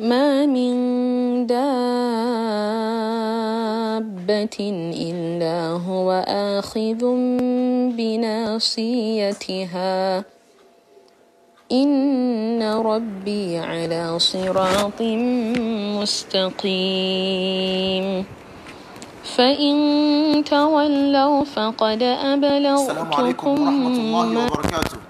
ما من دابة إلا هو آخذ بناصيتها إن ربي على صراط مستقيم فإن تولوا فقد أبلغتكم السلام عليكم ورحمة الله وبركاته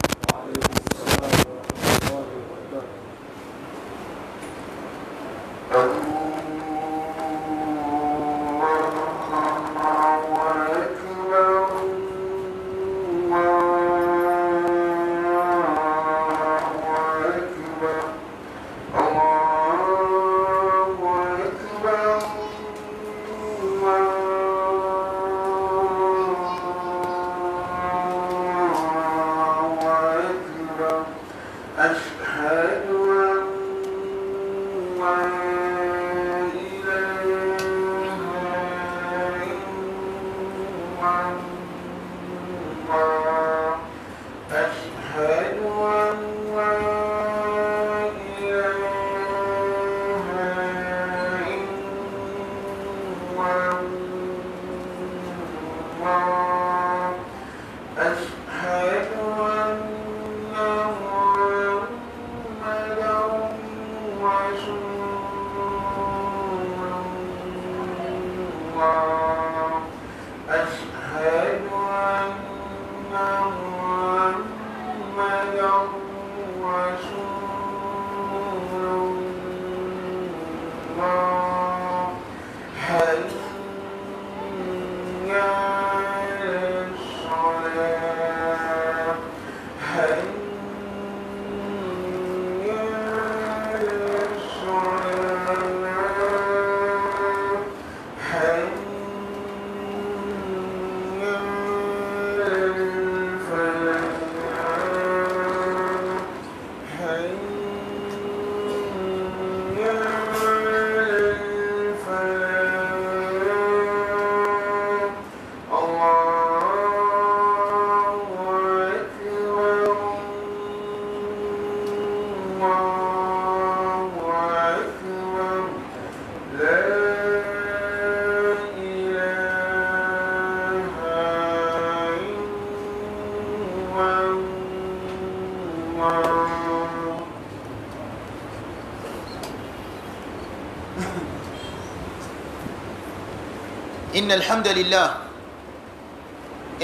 إن الحمد لله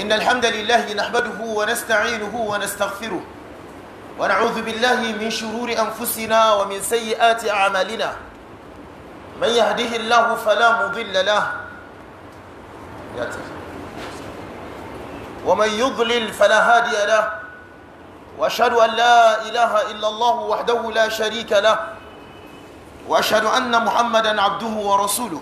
إن الحمد لله نحمده ونستعينه ونستغفره ونعوذ بالله من شرور أنفسنا ومن سيئات أعمالنا من يهده الله فلا مضل له ومن يضلل فلا هادي له واشهد ان لا اله الا الله وحده لا شريك له واشهد ان محمدا عبده ورسوله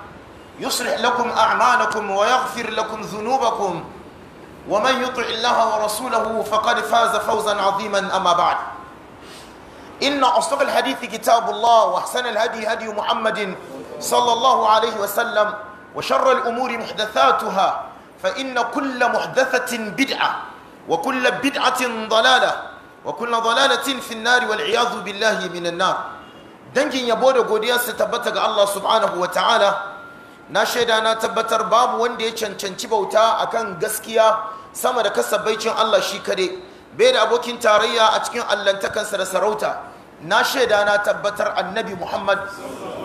يصلح لكم أعمالكم ويغفر لكم ذنوبكم ومن يطع الله ورسوله فقد فاز فوزا عظيما أما بعد إن أصدق الحديث كتاب الله وأحسن الهدي هدي محمد صلى الله عليه وسلم وشر الأمور محدثاتها فإن كل محدثة بدعة وكل بدعة ضلالة وكل ضلالة في النار والعياذ بالله من النار دنجي يبود قدياس تبتغ الله سبحانه وتعالى na shaida na tabbatar babu wanda ya cancanci bauta a kan gaskiya sama da baicin Allah shi kade bai da abokin tarayya a cikin allantakansa da sarauta na shaida na tabbatar annabi Muhammad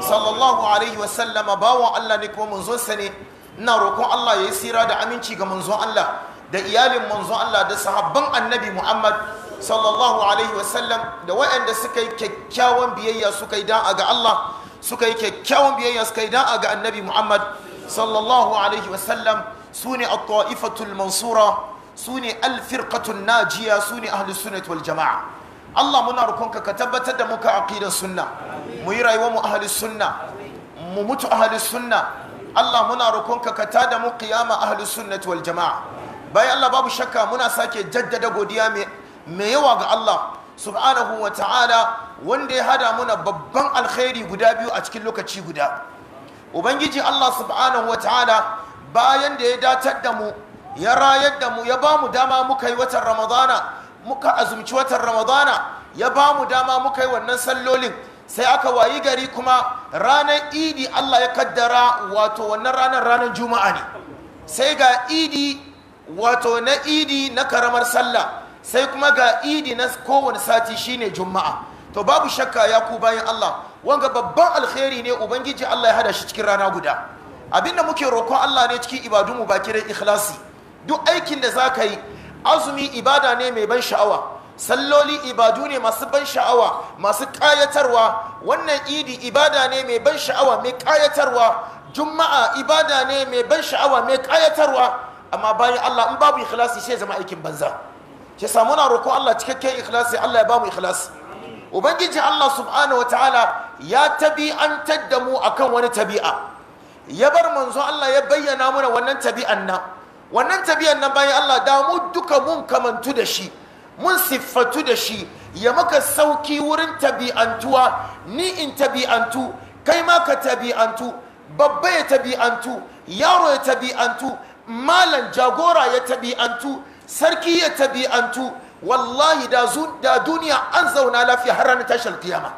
sallallahu alaihi wasallama bawan Allah ne kuma munzonsa ne ina roƙon Allah ya yi sira da aminci ga munzon Allah da iyalin munzon Allah da sahabban annabi Muhammad sallallahu alaihi wasallam da waɗanda suka yi kyakkyawan biyayya suka yi da'a ga Allah suka yi kyakkyawan biyayya suka yi da'a ga annabi muhammad sallallahu alaihi wasallam su ne at-ta'ifatul mansura su ne alfirqatul najiya su ne ahlus sunat wal jama'a Allah muna rukunka ka tabbatar da muka aqidar sunna mu yi rayuwar mu ahlus sunna mu mutu ahlus sunna Allah muna rukunka ka da mu qiyama ahlus sunat wal jama'a bayan Allah babu shakka muna sake jaddada godiya mai yawa ga Allah subhanahu wa ta'ala wanda ya hada muna babban alkhairi guda biyu a cikin lokaci guda ubangiji allah subhanahu wa ta'ala bayan da ya datar da mu ya rayar da mu ya ba mu dama muka yi watan ramadana muka azumci watan ramadana ya ba mu dama muka yi wannan sallolin sai aka wayi gari kuma ranar idi allah ya kaddara wato wannan ranar ranar juma'a ne sai ga idi wato na idi na karamar sallah sai kuma ga idi na kowane sati shine juma'a to babu shakka ya ku bayan Allah wanga babban alkhairi ne ubangiji Allah ya hada shi cikin rana guda abinda muke roƙon Allah ne cikin ibadunmu baki da ikhlasi duk aikin da zaka yi azumi ibada ne mai ban sha'awa salloli ibadu ne masu ban sha'awa masu ƙayatarwa wannan idi ibada ne mai ban sha'awa mai ƙayatarwa juma'a ibada ne mai ban sha'awa mai ƙayatarwa amma bayan Allah in babu ikhlasi sai zama aikin banza ke samu na roƙo Allah cikakken ikhlasi Allah ya mu ikhlasi ubangiji Allah subhanahu wataala ya tabi'antar da mu akan wani tabi'a ya bar manzo Allah ya bayyana mana wannan tabi'an nan wannan tabi'an nan bayan Allah da mu duka mun kamantu da shi mun siffatu da shi ya maka sauki wurin tabi'antuwa ni in tabi'antu kai ma ka tabi'antu babba ya tabi'antu yaro ya tabi'antu malam jagora ya tabi'antu sarki ya tabi'antu wallahi da duniya an zauna lafiya har ranar tashar kiyama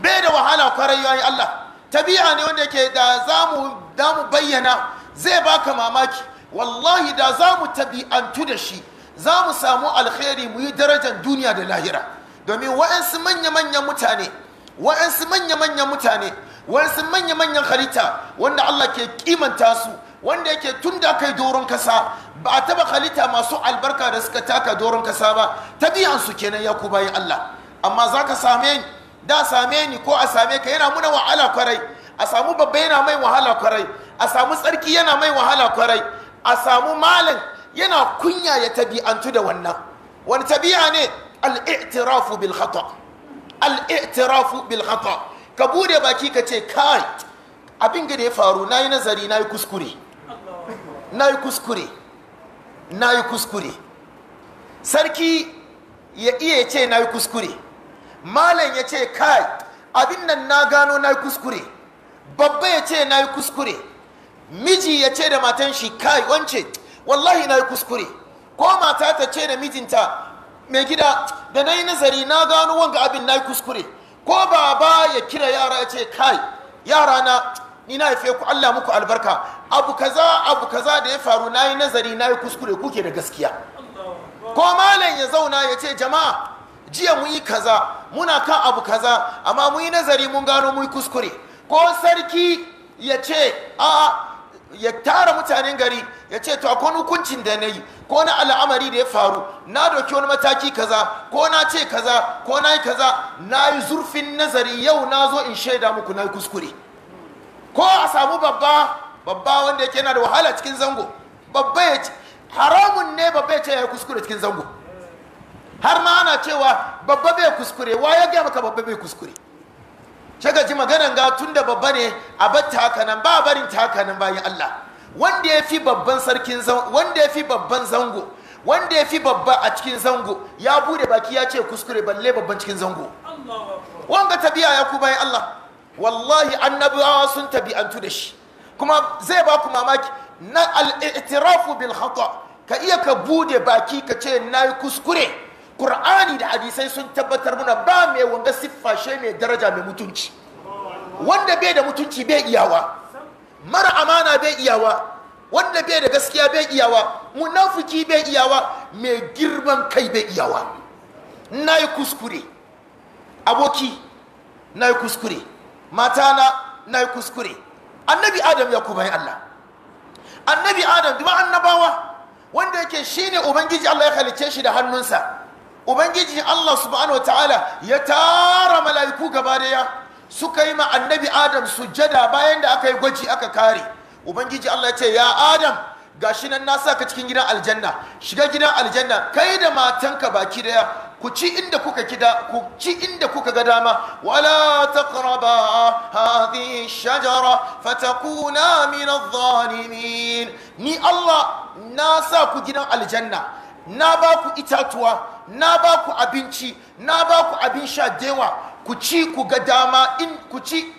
bai da wahala kwarai yayi Allah tabi'a ne wanda yake da zamu mu bayyana zai baka mamaki wallahi da zamu tabi'antu da shi zamu samu alkhairi mu yi darajar duniya da lahira domin wa'ansu manya-manyan mutane wa'ansu manya-manyan mutane wa'ansu manya-manyan halitta wanda Allah ke kimanta su wanda yake tun da kai doron kasa ba a taba halitta masu albarka da suka taka doron kasa ba tabi'ansu kenan ya ku bayan Allah amma za ka same ni da same ni ko a same ka yana muna wahala kwarai a samu babba yana mai wahala kwarai a samu tsarki yana mai wahala kwarai a samu malin yana kunya ya tabi'antu da wannan wani tabi'a ne al-i'tirafu bil khata al-i'tirafu bil khata ka bude baki ka ce kai abin da ya faru nayi nazari nayi kuskure na yi kuskure na yi kuskure sarki ya iya ce na yi kuskure malam ya ce kai abin nan na gano na yi kuskure babba ya ce na yi kuskure miji ya ce da matan shi kai wance wallahi na yi kuskure ko mata ta ce da mijinta mai gida da na yi nazari na gano wanga abin na yi kuskure ko baba ya kira yara ya ce kai yara na ni na haife ku Allah muku albarka abu kaza abu kaza da ya faru nayi nazari nayi kuskure kuke da gaskiya ko malam ya zauna ya ce jama'a jiya mu yi kaza muna kan abu kaza amma mu yi nazari mun gano mu yi kuskure ko sarki ya ce a ya tara mutanen gari ya ce to akwai hukuncin da na yi ko na al'amari da ya faru na doki wani mataki kaza ko na ce kaza ko na yi kaza na yi zurfin nazari yau na zo in shaida muku na yi kuskure ko a samu babba babba wanda yake yana da wahala cikin zango babba ya ce haramun ne babba ya ce ya kuskure cikin zango har ma ana cewa babba bai kuskure wa ya gaya maka babba bai kuskure shaka ji maganan ga tun da babba ne a bar ta haka nan ba a barin ta haka nan bayan Allah wanda ya fi babban sarkin zango wanda ya fi babban zango wanda ya fi babba a cikin zango ya bude baki ya ce kuskure balle babban cikin zango wanga tabiya ya ku bayan Allah wallahi annabawa sun tabi'antu da shi kuma zai ba ku mamaki na al'itirafu bil khata ka iya ka bude baki ka ce na yi kuskure ƙur'ani da hadisai sun tabbatar muna ba mai wanga siffa she mai daraja mai mutunci wanda bai da mutunci bai iyawa mara amana bai iyawa wanda bai da gaskiya bai iyawa munafiki bai iyawa mai girman kai bai iyawa na yi kuskure aboki na yi kuskure matana na yi kuskure annabi adam ya kuma yi allah annabi adam duma annabawa wanda yake shine ubangiji allah ya halicce shi da hannunsa ubangiji allah subhanahu ta'ala ya tara mala'iku gaba daya suka yi ma annabi adam sujjada bayan da aka yi gwaji aka kare ubangiji allah ya ce ya adam shi nan na sa ka cikin gidan aljanna shiga gidan aljanna kai da matanka baki daya ku ci inda kuka kida ku ci inda kuka ga dama wala taqraba hadhihi shajara fatakuna min adh-dhalimin ni Allah na sa ku gidan aljanna na ba ku itatuwa na ba ku abinci na ba ku abin sha dewa ku ci ku ga dama in ku ci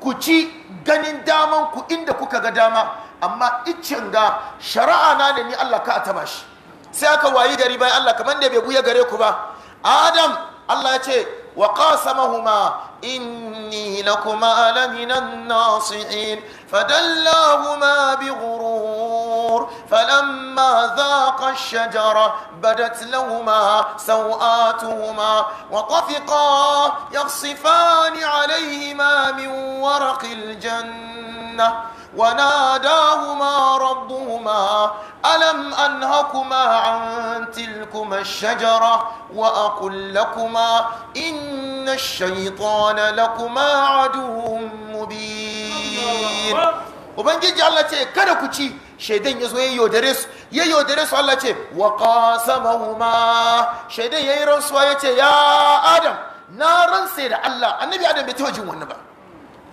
ku ci ganin daman ku inda kuka ga dama amma iccen ga shari'a na ne ni Allah ka ataba shi sai aka wayi gari bayan Allah kamar da bai buya gare ku ba Adam Allah ya ce wa qasamahuma inni lakuma laminan nasihin fadallahuma bighurur falamma dhaqa ash-shajara badat lahuma sawatuhuma wa tafiqa yakhsifani alayhima min waraqil jannah وناداهما ربهما ألم أنهكما عن تلكما الشجرة وأقل لكما إن الشيطان لكما عدو مبين ubangiji Allah ce kada ku ci shaidan ya zo ya yaudare su ya yaudare su Allah ce wa qasamahuma shaidan yayi rantsuwa yace ya adam na rantse da Allah adam bai taba jin wannan ba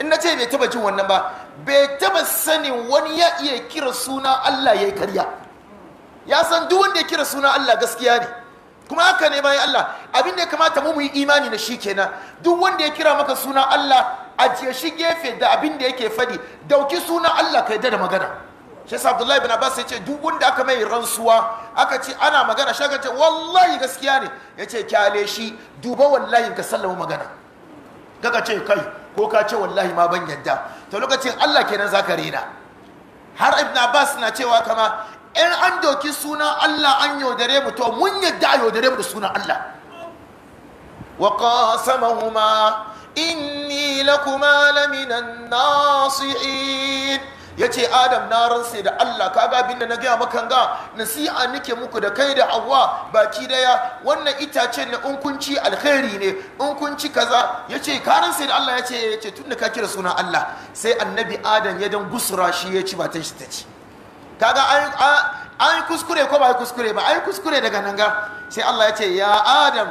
in na ce bai taba jin wannan ba bai taba sanin wani ya iya kira suna Allah ya yi karya ya san duk wanda ya kira suna Allah gaskiya ne kuma haka ne bayan Allah abin da ya kamata mu yi imani na shi kenan duk wanda ya kira maka suna Allah ajiye shi gefe da abin da yake fadi dauki suna Allah ka yadda da magana shi sa Abdullahi bin Abbas ya ce duk wanda aka mai rantsuwa aka ce ana magana shi aka ce wallahi gaskiya ne ya ce kyale shi duba wallahi ka sallama magana kaga ce kai ko ka ce wallahi ma ban yadda to lokacin Allah kenan zaka rena har ibn abbas na cewa kama in an doki sunan Allah an yaudare mu to mun yadda a yaudare mu da suna Allah wa qasamahuma inni lakuma laminan nasihin ya ce adam na ransa da allah kaga abin da na gaya maka ga nasi'a nike muku da kai da awwa baki daya wannan itacen na unkunci alheri ne unkunci kaza ya ce ka ransa da allah ya ce ya ce tunda ka kira suna allah sai annabi adam ya dan gusura shi ya ci matan shi ta ci kaga an kuskure ko ba kuskure ba an kuskure daga nan ga sai allah ya ce ya adam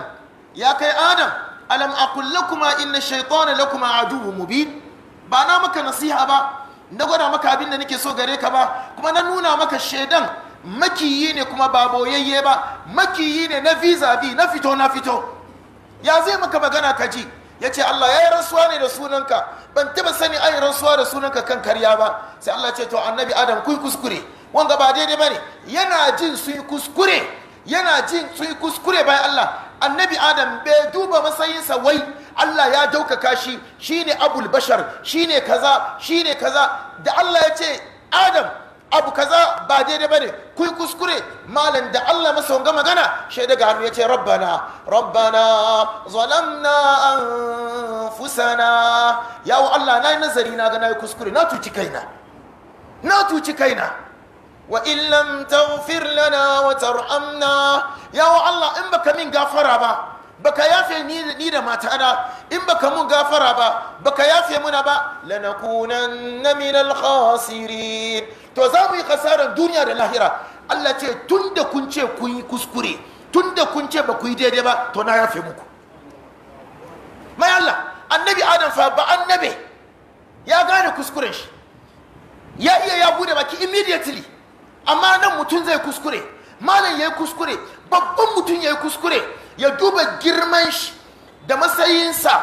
ya kai adam alam akullakuma inna shaytana lakuma aduwwun mubin ba na maka nasiha ba na gwada maka abin da nake so gare ka ba kuma na nuna maka shaidan makiyi ne kuma ba boyayye ba makiyi ne na visa bi na fito na fito ya zai maka magana ka ji ya ce Allah ya yi rasuwa ne da sunanka ban taba sani a yi rasuwa da sunanka kan karya ba sai Allah ce to annabi adam kui kuskure wanga ba daidai bane yana jin sun kuskure yana jin sun kuskure bayan Allah annabi adam bai duba matsayinsa wai Allah ya daukaka shi shine abul bashar shine kaza shine kaza da Allah ya ce adam abu kaza ba daidai bane kuyi kuskure malam da Allah masa wanga magana shi daga hannu ya ce rabbana rabbana zalamna anfusana yawo Allah na yi nazari na ga na yi kuskure na tuci kaina na tuci kaina wa illam taghfir lana wa tarhamna ya wa Allah in baka min gafara ba baka yafe ni ni da matana in baka mun gafara ba baka yafe mana ba lanakunanna min al-khasirin to za mu yi kasaran duniya da lahira Allah ce tunda kun ce kun yi kuskure tunda kun ce ba daidai ba to na yafe muku mai Allah annabi Adam fa ba annabe ya gane kuskuren shi ya iya ya bude baki immediately amma nan mutum zai kuskure malam ya yi kuskure babban mutum ya yi kuskure ya duba girman shi da matsayinsa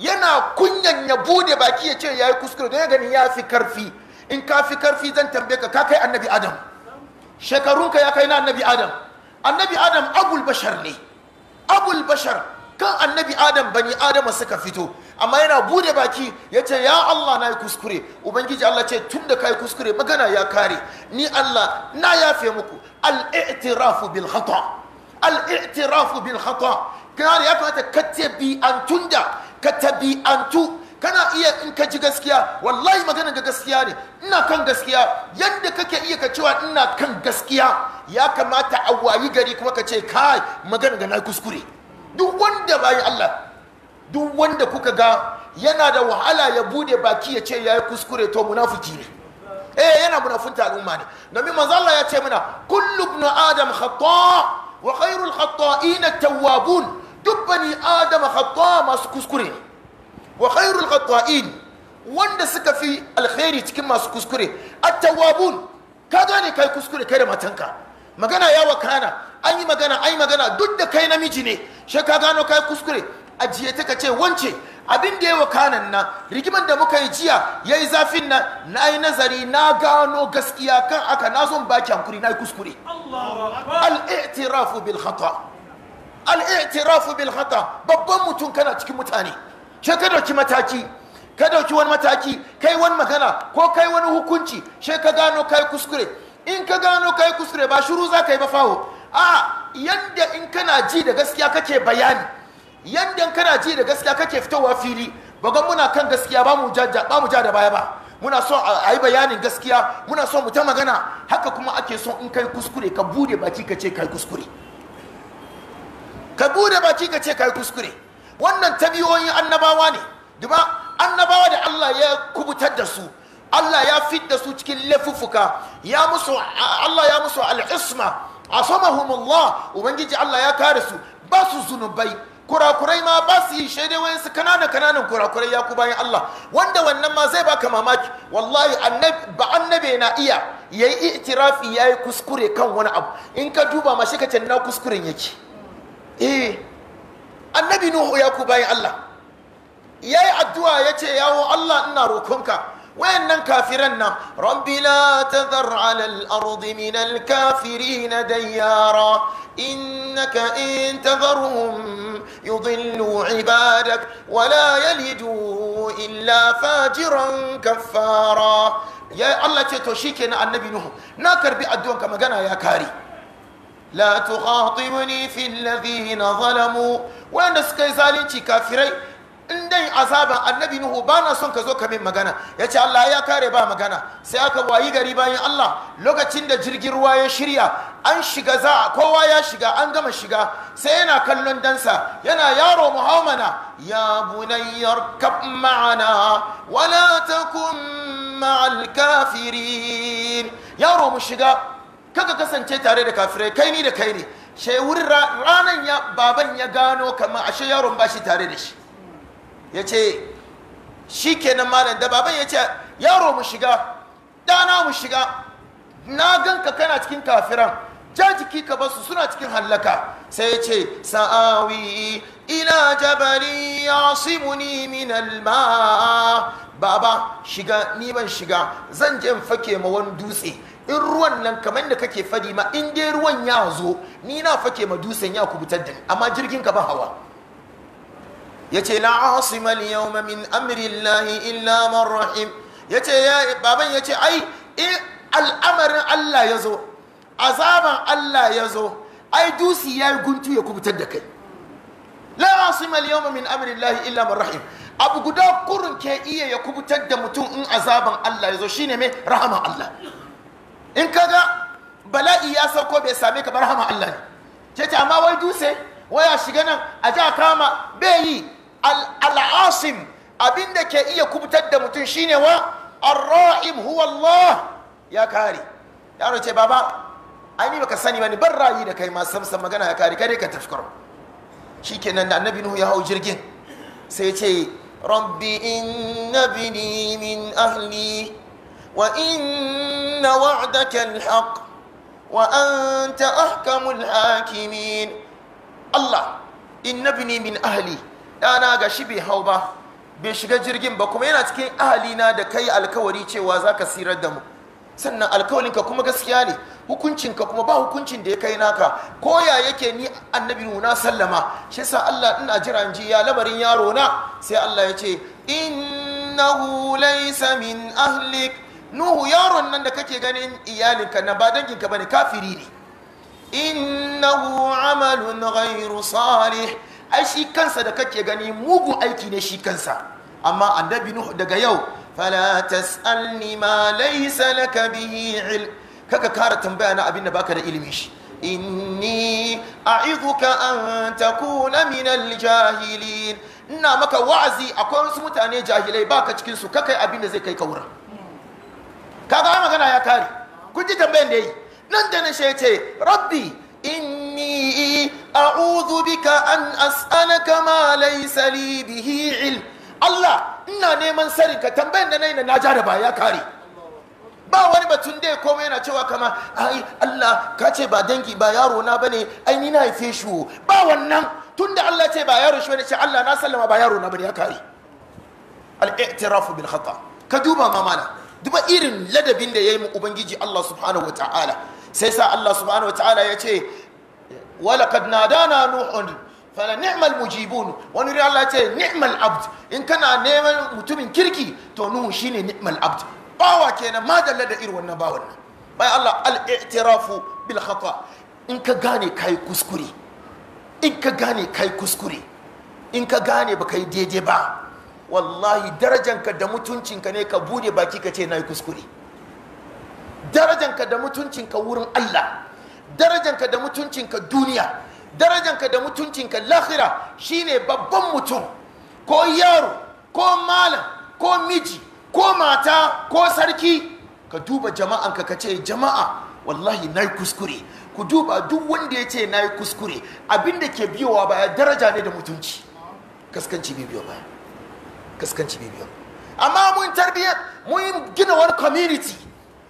yana kunyan ya bude baki ya ce ya yi kuskure don ya gani ya fi karfi in ka fi karfi zan tambaye ka kai annabi adam shekarunka ya kai na annabi adam annabi adam abul bashar ne abul bashar kan annabi adam bani adama suka fito amma yana bude baki ya ce ya Allah na yi kuskure ubangiji Allah ce tun da ka yi kuskure magana ya kare ni Allah na yafe muku al'itirafu bil khata al'itirafu bil khata kana ya kamata ka tabi'antun da ka antu. kana iya in ka ji gaskiya wallahi magana ga gaskiya ne ina kan gaskiya yadda kake iya ka cewa ina kan gaskiya ya kamata a wayi gari kuma ka ce kai magana ga na kuskure duk wanda bayan Allah duk wanda kuka ga yana da wahala ya bude baki ya ce ya yi kuskure to munafuki ne eh yana munafunta al'umma ne domin manzo ya ce mana kullu ibn adam khata wa khairul khata'in at-tawwabun duk bani adam khata masu kuskure wa khairul khata'in wanda suka fi alkhairi cikin masu kuskure at-tawwabun ka gane kai kuskure kai da matanka magana ya wakana an yi magana an yi magana duk da kai namiji ne shi ka gano kai kuskure ajiye ta ka ce wance abin da ya wa kanan nan rigimar da muka yi jiya ya yi zafin nan na yi nazari na gano gaskiya kan aka na baki hankuri na yi kuskure al'itirafu bil al'itirafu bil babban mutum kana cikin mutane shi ka dauki mataki ka dauki wani mataki kai wani magana ko kai wani hukunci shi ka gano kai kuskure in ka gano kai kuskure ba shiru za ka yi ba faho a yanda in kana ji da gaskiya kake bayani yadda kana ji da gaskiya kake fitowa fili ba ga muna kan gaskiya ba mu ba mu ja da baya ba muna son a yi bayanin gaskiya muna son mu ta magana haka kuma ake son in kai kuskure ka bude baki ka ce kai kuskure ka bude baki ka ce kai kuskure wannan tabiyoyin annabawa ne duba annabawa da Allah ya kubutar da su Allah ya fit da su cikin lafufuka ya musu Allah ya musu al'isma asamahumullah ubangiji Allah ya kare su ba su zunubai kurakurai ma ba su yi shaidai su kananan kananan kurakurai ya ku bayan Allah wanda wannan ma zai baka mamaki wallahi ba annabi na iya yayi itirafi yayi kuskure kan wani abu in ka duba ma shi ka ce na kuskuren yake eh annabi nuhu ya ku bayan Allah yayi addu'a yace yawo Allah ina rokonka wayannan kafiran nan rabbi la tadhar ala al-ard min al innaka in tadharhum yudillu ibadak yalidu illa fajiran kaffara ce to shikenan annabi nuhu na karbi magana ya لا تخاطبني في الذين ظلموا وين سكاي in dai azaban annabi nuhu ba na son ka zo ka min magana ya ce allah ya kare ba magana sai aka wayi gari bayan allah lokacin da jirgin ruwa ya shirya an shiga za kowa ya shiga an gama shiga sai yana kallon dansa yana yaro muhammana ya bunayyar kab ma'ana wala takun ma'al kafirin yaro mu shiga kaka kasance tare da kafirai kai ni da kai ne shai wurin ranan ya baban ya gano kamar ashe yaron ba shi tare da shi ya ce shi kenan malam da baban ya ce yaro mu shiga ɗana mu shiga na ganka kana cikin kafiran ja jiki ka basu suna cikin hallaka sai ya ce sa'awi ila jabari ya simuni min alma baba shiga ni ban shiga zan je in fake ma wani dutse in ruwan nan kamar da kake fadi ma in dai ruwan ya zo ni na fake ma dutsen ya kubutar da ni amma jirgin ka ba hawa ce la asima al-yawma min amri lahi illa man rahim ce ya baban ce ai in al'amarin Allah ya zo azaban Allah ya zo. ai dusi ya yi guntu ya kubutar da kai la asimal yau yawma min amri llahi illa man rahim abu guda kurun ke iya ya kubutar da mutum in azaban Allah ya shi shine mai rahama Allah in kaga bala'i ya sauko bai same ka ba rahama Allah ne ce amma wai duse waya shiga nan a ja kama bai yi al'asim abin da ke iya kubutar da mutum shine wa arra'im huwa Allah ya kare yaro ce baba ai ni baka sani bane ban rayi da kai ma magana ya kare kare ka tafkar shikenan da annabi nuhu ya hau jirgin sai ya ce rabbi inna bini min ahli wa inna wa'daka alhaq wa anta ahkamul hakimin Allah inna bini min ahli ɗana ga shi bai hau ba bai shiga jirgin ba kuma yana cikin ahalina da kai alkawari cewa za ka sirar da mu sannan ka kuma gaskiya ne hukuncinka kuma ba hukuncin da ya kai naka ko ya yake ni annabi na sallama shi sa Allah in jira jiran ji ya lamarin yaro na sai Allah ya ce innahu laysa min ahlik nuhu yaron nan da kake ganin iyalinka na ba danginka bane kafiri ne innahu amalun ghairu salih ai shi kansa da kake gani mugu aiki ne shi kansa amma annabi nuhu daga yau fala tasalni ma laysa laka bihi ilm kaka kara tambaya na abin da baka da ilimi shi inni a'idhuka an takuna min al-jahilin ina maka wa'azi akwai wasu mutane jahilai baka cikin su kakai abin da zai kai ka wurin kaga magana ya kare kun ji tambayan da yi nan da na shi ce rabbi inni a'udhu bika an as'alaka ma laysa li bihi ilm Allah ina neman sarin ka tambayan da nayi na ja ba ya kare ba wani batun da ya koma yana cewa kama ai Allah ka ce ba dangi ba yaro na bane ai ni na haife shi ba wannan tunda Allah ce ba yaro shi bane ce Allah na sallama ba yaro na bane ya kare al-i'tirafu bil khata ka duba mamana duba irin ladabin da yayi mu ubangiji Allah subhanahu wataala sai sa Allah subhanahu wataala ya ce na nadana nuhun fala ni'mal mujibun wani ri Allah ce ni'mal abd in kana neman mutumin kirki to nuhu shine ni'mal abd bawa kenan madalla da irin wannan bawan nan bai Allah al-i'tirafu bil khata in ka gane kai kuskure in ka gane kai kuskure in ka gane ba kai daidai ba wallahi darajanka da mutuncinka ne ka buɗe baki ka ce na yi kuskure darajanka da mutuncinka wurin Allah darajanka da mutuncinka duniya darajanka da mutuncinka lahira shine babban mutum ko yaro ko malam ko miji ko mata ko sarki ka duba jama'anka ka ce jama'a wallahi na yi kuskure ku duba duk wanda ya ce na yi kuskure abinda ke biyowa baya daraja ne da mutunci kaskanci biyo baya kaskanci biyo amma mun tarbiyyar mun gina wani community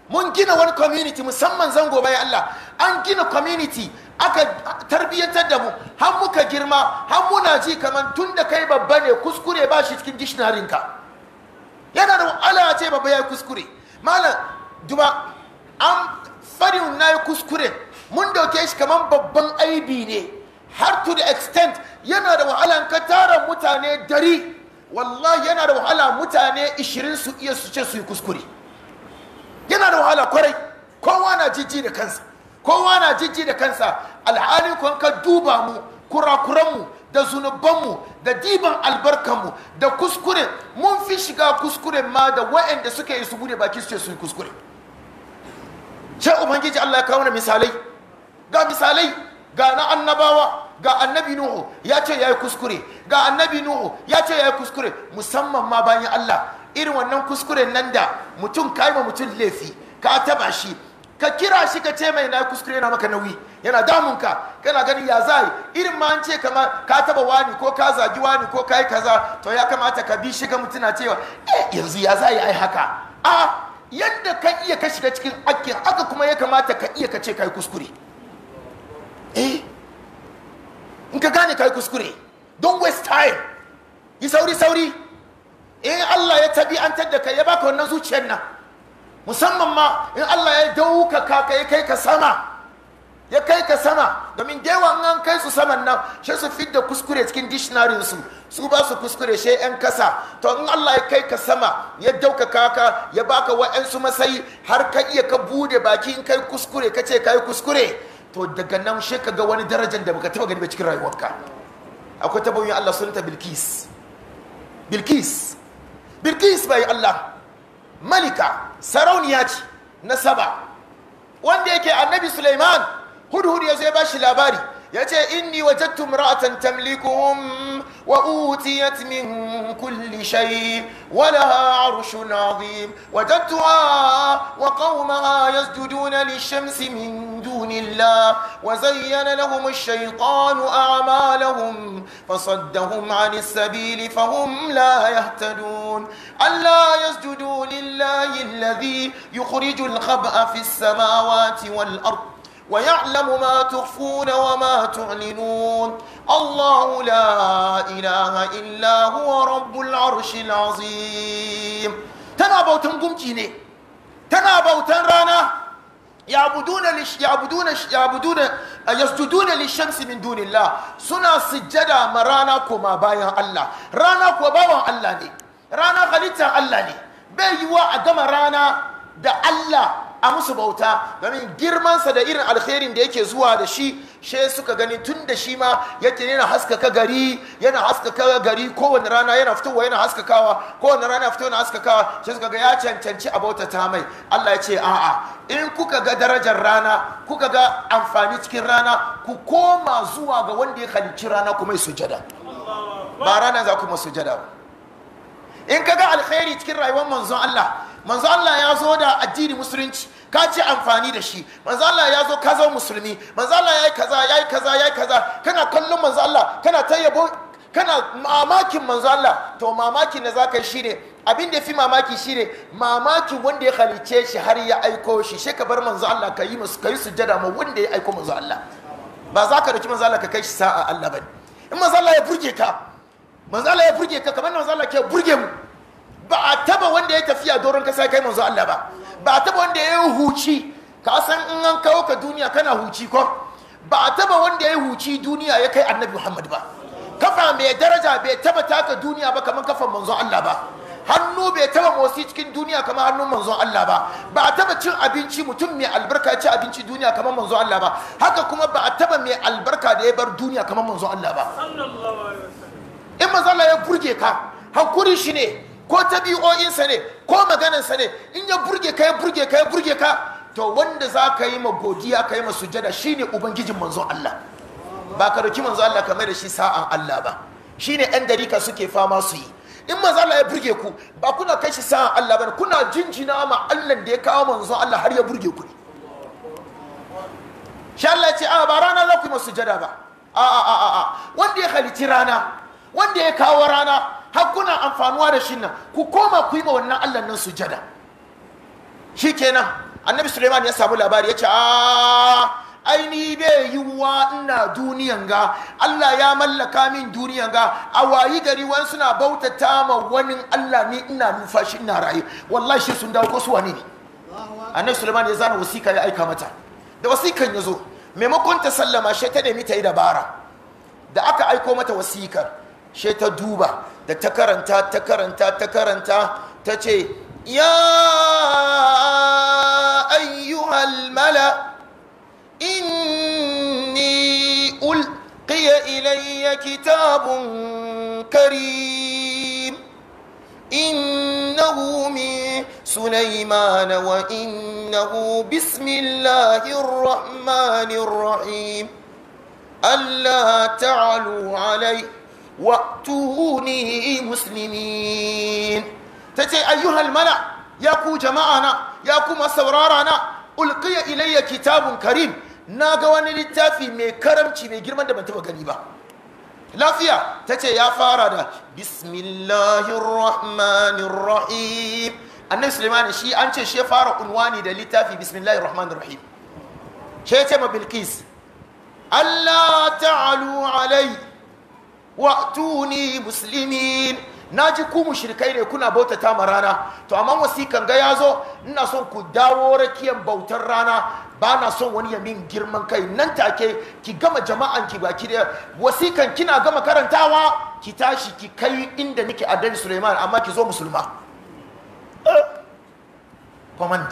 mun gina wani community musamman zango bayan Allah an gina community aka tarbiyyantar da mu har muka girma har muna ji kamar tun da kai babba ne kuskure ba shi cikin dictionary ka yana da ala ce babba ya kuskure malam duba an farin na yi kuskure mun dauke shi kamar babban aibi ne har to the extent yana da wahala ka tara mutane dari wallahi yana da wahala mutane 20 su iya su ce su yi kuskure yana da wahala kwarai kowa na jijji da kansa kowa na jijji da kansa alhali kun ka duba mu kurakuranmu da zunubanmu da diban albarkanmu da kuskure mun fi shiga kuskure ma da wa'anda suka yi su bude baki su ce su yi kuskure ce ubangiji Allah ya kawo misalai ga misalai ga na annabawa ga annabi nuhu ya ce ya yi kuskure ga annabi nuhu ya ce ya yi kuskure musamman ma bayan Allah irin wannan kuskuren nan da mutum ka yi wa mutum laifi ka taba shi ka kira shi ka ce mai na kuskure yana maka nauyi yana damun ka kana ganin ya yi. irin ma an ce kama ka taba wani ko ka zagi wani ko ka yi kaza to ya kamata ka bi shiga ga mutuna cewa eh yanzu ya za yi ai haka a yadda ka iya ka shiga cikin akin haka kuma ya kamata ka iya ka ce ka yi kuskure eh in ka gane ka yi kuskure don waste time yi sauri sauri in Allah ya tabi'antar da kai ya baka wannan zuciyar nan musamman ma in Allah ya dauka ka ya kai ka sama ya kai ka sama domin da yawan an kai su saman nan shi su fidda kuskure cikin dictionary su su ba su kuskure shi yan kasa to in Allah ya kai ka sama ya dauka ka ya baka wa'ansu masayi har ka iya ka bude baki in kai kuskure ka ce kai kuskure to daga nan shi ka ga wani darajar da baka taba gani ba cikin rayuwarka akwai tabbawin Allah sunta bilkis bilkis bilkis bai allah malika sarauniya ce na saba wanda yake annabi suleiman hudu-hudu ya zo ya ba shi labari يجي إني وجدت امرأة تملكهم وأوتيت من كل شيء ولها عرش عظيم وجدتها وقومها يسجدون للشمس من دون الله وزين لهم الشيطان أعمالهم فصدهم عن السبيل فهم لا يهتدون ألا يسجدوا لله الذي يخرج الخبأ في السماوات والأرض ويعلم ما تخفون وما تعلنون الله لا إله إلا هو رب العرش العظيم تنا بوتن قمتي ne tana bautan rana yabuduna yabuduna yabuduna yasjuduna lishamsi min dunillah suna sujjada ma rana kuma bayan Allah rana kuwa bawan Allah ne rana halittar Allah ne bai yiwa a gama rana da Allah a musu bauta domin girmansa da irin alherin da yake zuwa da shi she suka gani tun da shi ma yake yana haskaka gari yana haskaka gari kowane rana yana fitowa yana haskakawa kowane rana fito yana haskakawa she suka ga ya cancanci a bautata mai Allah ya ce a'a in kuka ga darajar rana kuka ga amfani cikin rana ku koma zuwa ga wanda ya halicci rana kuma yi sujada ba rana za ku masujada ba in ka ga alkhairi cikin rayuwar manzon Allah manzo Allah ya zo da addini musulunci ka ce amfani da shi manzo Allah ya zo kaza musulmi manzo Allah ya yi kaza ya yi kaza ya yi kaza kana kallon manzo Allah kana tayyabo kana mamakin manzo Allah to mamakin da zaka yi shine abin da fi mamaki shine mamakin wanda ya halice shi har ya aiko shi sai ka bar manzo Allah ka yi musu kai sujjada ma wanda ya aiko manzo Allah ba za ka dauki manzo Allah ka kai shi sa'a Allah bane in manzo Allah ya burge ka manzo Allah ya burge ka kamar manzo Allah ke burge mu ba a taba wanda ya tafiya doron kasa kai manzo Allah ba ba a taba wanda ya huci ka san in an kawo ka duniya kana huci ko ba a taba wanda ya huci duniya ya kai annabi Muhammad ba kafa mai daraja bai taba taka duniya ba kamar kafan manzo Allah ba hannu bai taba motsi cikin duniya kamar hannun manzon Allah ba ba a taba cin abinci mutum mai albarka ya ci abinci duniya kamar manzon Allah ba haka kuma ba a taba mai albarka da ya bar duniya kamar manzon Allah ba in manzon Allah ya burge ka hakuri shi ne ko tabi'o'insa ne ko maganansa ne in ya burge ka ya burge ka ya burge ka to wanda za ka yi ma godiya ka yi ma sujada shine ubangijin manzo Allah ba ka doki manzo Allah kamar da shi sa'an Allah ba shine ɗan darika suke fama su yi in manzo Allah ya burge ku ba kuna kai shi sa'an Allah ba kuna jinjina ma Allah da ya kawo manzo Allah har ya burge ku ne shi Allah ya ce a ba rana za ku yi ma sujada ba a a a a wanda ya halici rana wanda ya kawo rana har kuna amfanuwa da shi nan ku koma ku yi ma wannan Allah nan sujada shi kenan annabi Suleiman ya samu labari ya ce a ah, aini bai yiwuwa ina duniyan ga Allah ya mallaka min duniyan ga a wayi gari wani suna bautata ma wani Allah ni ina numfashi ina raye wallahi shi sun dawo kosuwa su ne annabi Suleiman ya zana wasiƙa ya aika mata da wasiƙan ya zo maimakon ta sallama shi ta nemi ta yi dabara da aka aiko mata wasikar shi ta duba da ta karanta ta karanta ta karanta ta ce ya ayyuhal mala inni ulqiya ilayya kitabun karim innahu min سليمان وإنه بسم الله الرحمن الرحيم ألا تعلوا عليه waqtuhuni muslimin ce ayyuhal mala ya ku na? ya kuma saurara na Ulkiya ilayya kitabun karim Na ga wani littafi mai karamci mai girman da ban taba gani ba lafiya tace ya fara da bismillahirrahmanirrahim annabi suleiman shi an ce shi ya fara unwani da littafi bismillahirrahmanirrahim shi ya ce ma bilkis Allah ta'alu alai wa tuni muslimin na ji ku mushrikai ne kuna bautata ma rana to amma wasikan ga ya zo ina son ku dawo rakiyan bautar rana ba na son wani ya min girman kai nan take ki gama jama'an ki baki da wasikan kina gama karantawa ki tashi ki kai inda nake addani Suleiman amma ki zo musulma eh, command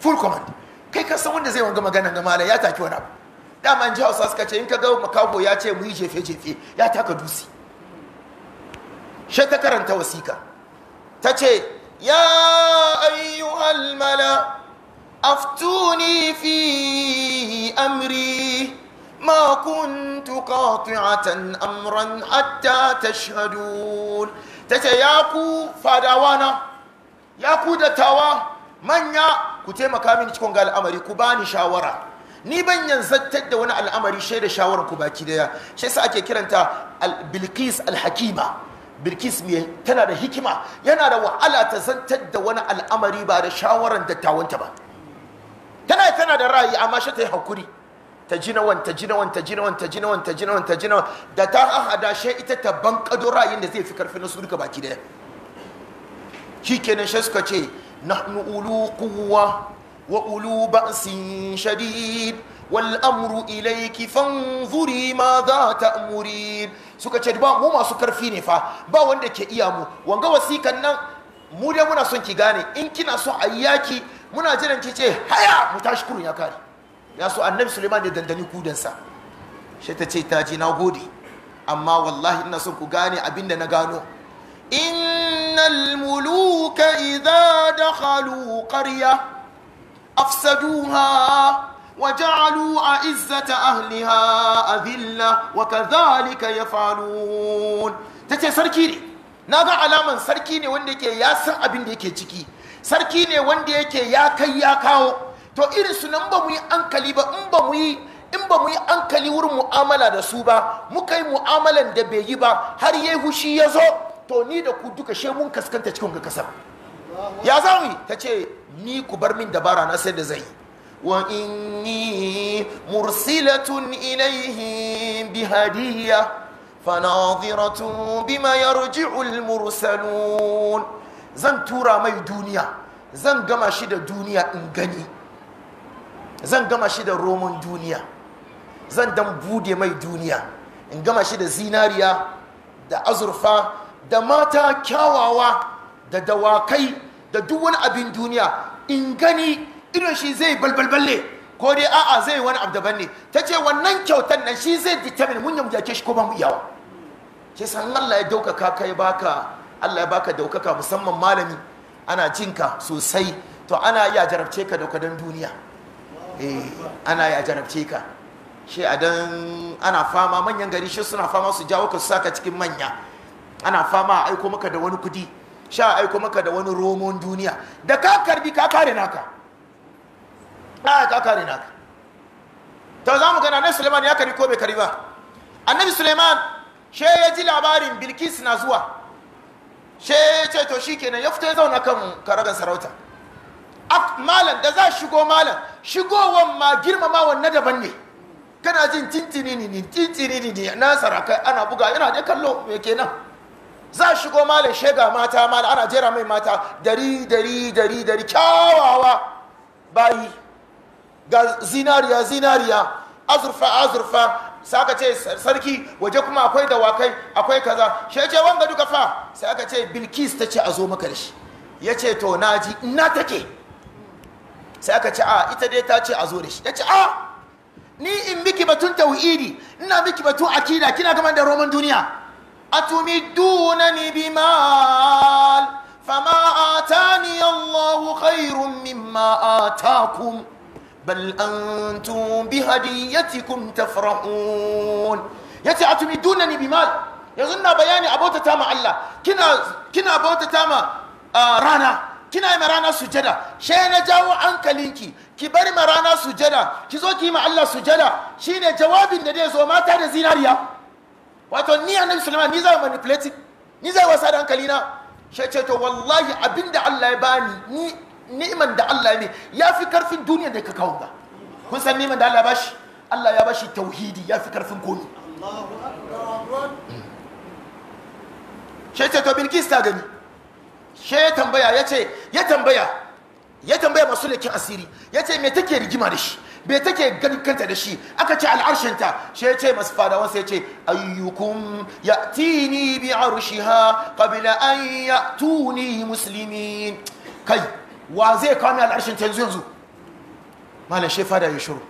full command kai ka san wanda zai wanga magana ga malai ya taki wani abu dama in ji hausa suka ce in ka ga makaho ya ce mu yi jefe-jefe ya taka dusi shi ta karanta wasika ta ce ya ayyu mala aftuni fi amri ما كنت قاطعة أمرا حتى تشهدون تتياكو ya ياكو دتاوا manya ku taimaka mini cikin ga al'amari ku bani shawara ni ban yanzantar da wani al'amari shaida shawarar ku baki daya shi yasa ake kiranta bilqis alhakima bilkis mai tana da hikima yana da wahala ta zantar da wani al'amari ba da shawarar dattawanta ba tana tana da ra'ayi amma shi ta yi hakuri ta ji na ta ji na ta ji na ta ji na ta ji na ta ji na da ta hada shi ita ta bankado ra'ayin da zai fi karfin su duka baki daya shikenan shi suka ce nahnu ulu quwwa وأولو بأس شديد والأمر إليك فانظري ماذا تأمرين suka ce ba mu masu karfi ne fa ba wanda ke iya mu wanga wasikan nan mu dai muna son ki gane in kina so a yaki muna jiran ki ce haya mu tashi kurun ya kare ya so annabi suleiman da dandani kudansa shi ta ce ta ji na gode amma wallahi ina son ku gane abinda na gano innal muluka idza dakhalu qaryah أفسدوها وجعلوا عزة أهلها أذلة وكذلك يفعلون تتي سركيني نغا علاما سركيني وندك يا سن أبن ديك جيكي سركيني وندك يا كي يا كاو to irin su nan ba mu yi ankali ba in ba mu yi in wurin mu'amala da su ba muka yi mu'amalan da bai yi ba har yayi hushi ya zo to ni da ku duka she mun kaskanta cikin kasar ya za mu yi ta ce ni ku bar min dabara na sai da zai wa inni mursilatun ilaihi bi hadiya fanaziratun bima yarji'ul mursalun zan tura mai duniya zan gama shi da duniya in gani zan gama shi da roman duniya zan dan bude mai duniya in gama shi da zinariya da azurfa da mata kyawawa da dawakai da duk wani abin duniya in gani irin shi zai balbalballe ko dai a'a zai wani abu daban ne ta ce wannan kyautan nan shi zai determine mun yamjake shi ko ba mu iyawa shi san Allah ya daukaka kai baka Allah ya baka daukaka musamman malami ana jinka sosai to ana iya jarabce ka da duniya eh ana iya jarabce ka shi adan ana fama manyan gari shi suna fama su jawo ka su saka cikin manya ana fama a aiko maka da wani kudi sha aiko maka da wani romon duniya da ka karbi ka kare naka a ka kare naka ta za mu gana annabi suleiman ya kari ko bai kari ba annabi suleiman she ya ji labarin bilkis na zuwa she ya ce to shi kenan ya fito ya zauna kan karagan sarauta malam da za shigo malam shigowan ma girmamawan na daban ne kana jin tintini ne tintini ne na sarakai ana buga yana da kallo me kenan za a shigo malam shega mata malam ana jera mai mata dari dari dari dari kyawawa bayi ga zinariya zinariya azurfa azurfa saka ce sarki waje kuma akwai dawakai akwai kaza shi ce wanga duka fa sai aka ce bilkis ta ce a zo maka da shi ya ce to na ji ina take sai aka ce a ita dai ta ce a zo da shi ya ce a ni in miki batun tauhidi ina miki batun akida kina gaman da roman duniya أتمدونني بمال فما آتاني الله خير مما آتاكم بل أنتم بهديتكم تفرحون يتي أتمدونني بمال يظن بياني أبوتا تاما الله كنا كنا أبوتا تاما آه رانا kina ma rana sujada she na jawo hankalinki ki bari ma rana sujada ki zo ki yi ma Allah sujada shine jawabin da zai zo mata da zinariya wato ni annabi sulaiman ni zai manipulating ni zai wasa da hankali na shi ce to wallahi abinda Allah ya bani ni ni'iman da Allah ya ne ya fi karfin duniya da ka kawo ba kun san ni'iman da Allah ya bashi Allah ya bashi tauhidi ya fi karfin komi shi ce to bilkis ta gani shi ya tambaya ya ce ya tambaya ya tambaya masu lekin asiri ya ce me take rigima da shi bai take gankanta da shi aka ce al'arshinta shi ya ce masu fadawan sai ce ayyukum ya tini bi arshiha qabla an ya tuni muslimin kai wa zai kawo mai ta yanzu yanzu malam shi fada ya shuru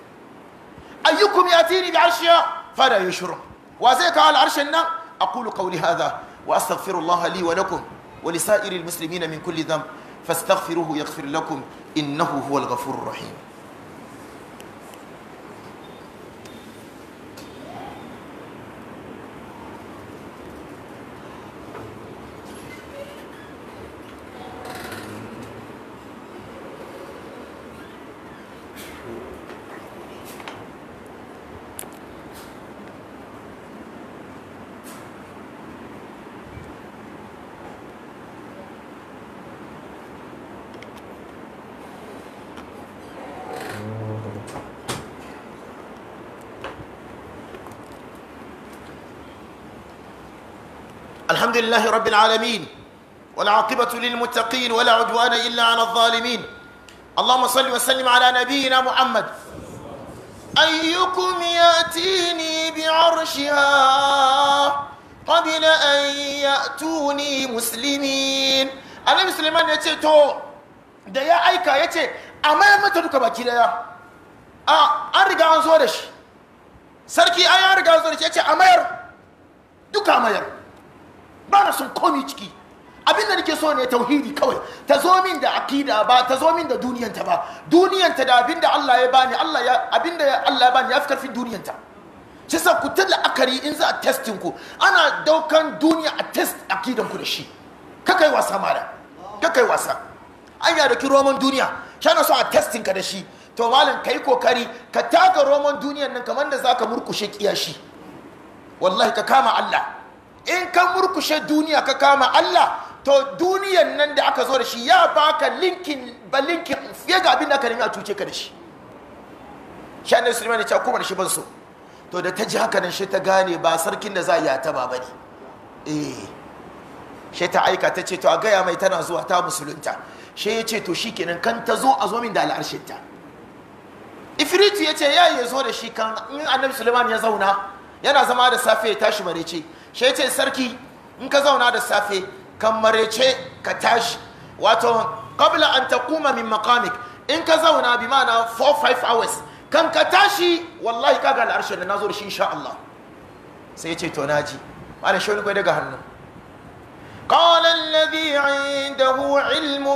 ayyukum ya tini bi arshiha fada ya shuru wa zai kawo al'arshin nan a aqulu qawli hada wa astaghfirullaha li wa lakum wa lisa'iril muslimina min kulli dhanb fastaghfiruhu yaghfir lakum innahu huwal ghafurur rahim لله رب العالمين والعاقبة للمتقين ولا عدوان إلا على الظالمين اللهم صل وسلم على نبينا محمد أيكم يأتيني بعرشها قبل أن يأتوني مسلمين annabi suleiman ya ce to da ya aika ya ce a mayar mata duka baki daya a an an zo da shi sarki an riga an zo ya ce a mayar duka mayar ba na son komi ciki abin da nake so ne tauhidi kawai ta zo min da akida ba ta zo min da duniyanta ba duniyanta da abin da Allah ya bani Allah ya abin da Allah ya bani ya fi karfin duniyanta shi sa ku ta la'akari in za a testin ku ana daukan duniya a test aqidan ku da shi kai wasa mara kai wasa an ya daki roman duniya shi ana so a testin ka da shi to malam kai kokari ka taka roman duniyan nan kamar da zaka murkushe kiyashi wallahi ka kama Allah in ka murkushe duniya ka kama Allah to duniyan nan da aka zo da shi ya baka linkin ba linkin fiye ga abin da aka nemi a cuce ka da shi shi annabi Sulaiman ya ce kuma da shi ban so to da ta ji haka nan shi ta gane ba sarkin da za a ya taba bane eh shi ta aika ta ce to a gaya mai tana zuwa ta musulunta shi ya ce to shi kenan kan ta zo a zo min da al'arshinta ifiritu ya ce ya yi zo da shi kan in annabi Sulaiman ya zauna yana zama da safe ya tashi mare ce shi ce sarki in ka zauna da safe kan ka tashi wato kabla an kuma min maqamik in ka zauna bi ma'ana 4-5 hours kan ka tashi wallahi ga al'arshe da nazo da shi insha Allah sai ce to naji malam shi kai daga hannu قال الذي عنده علم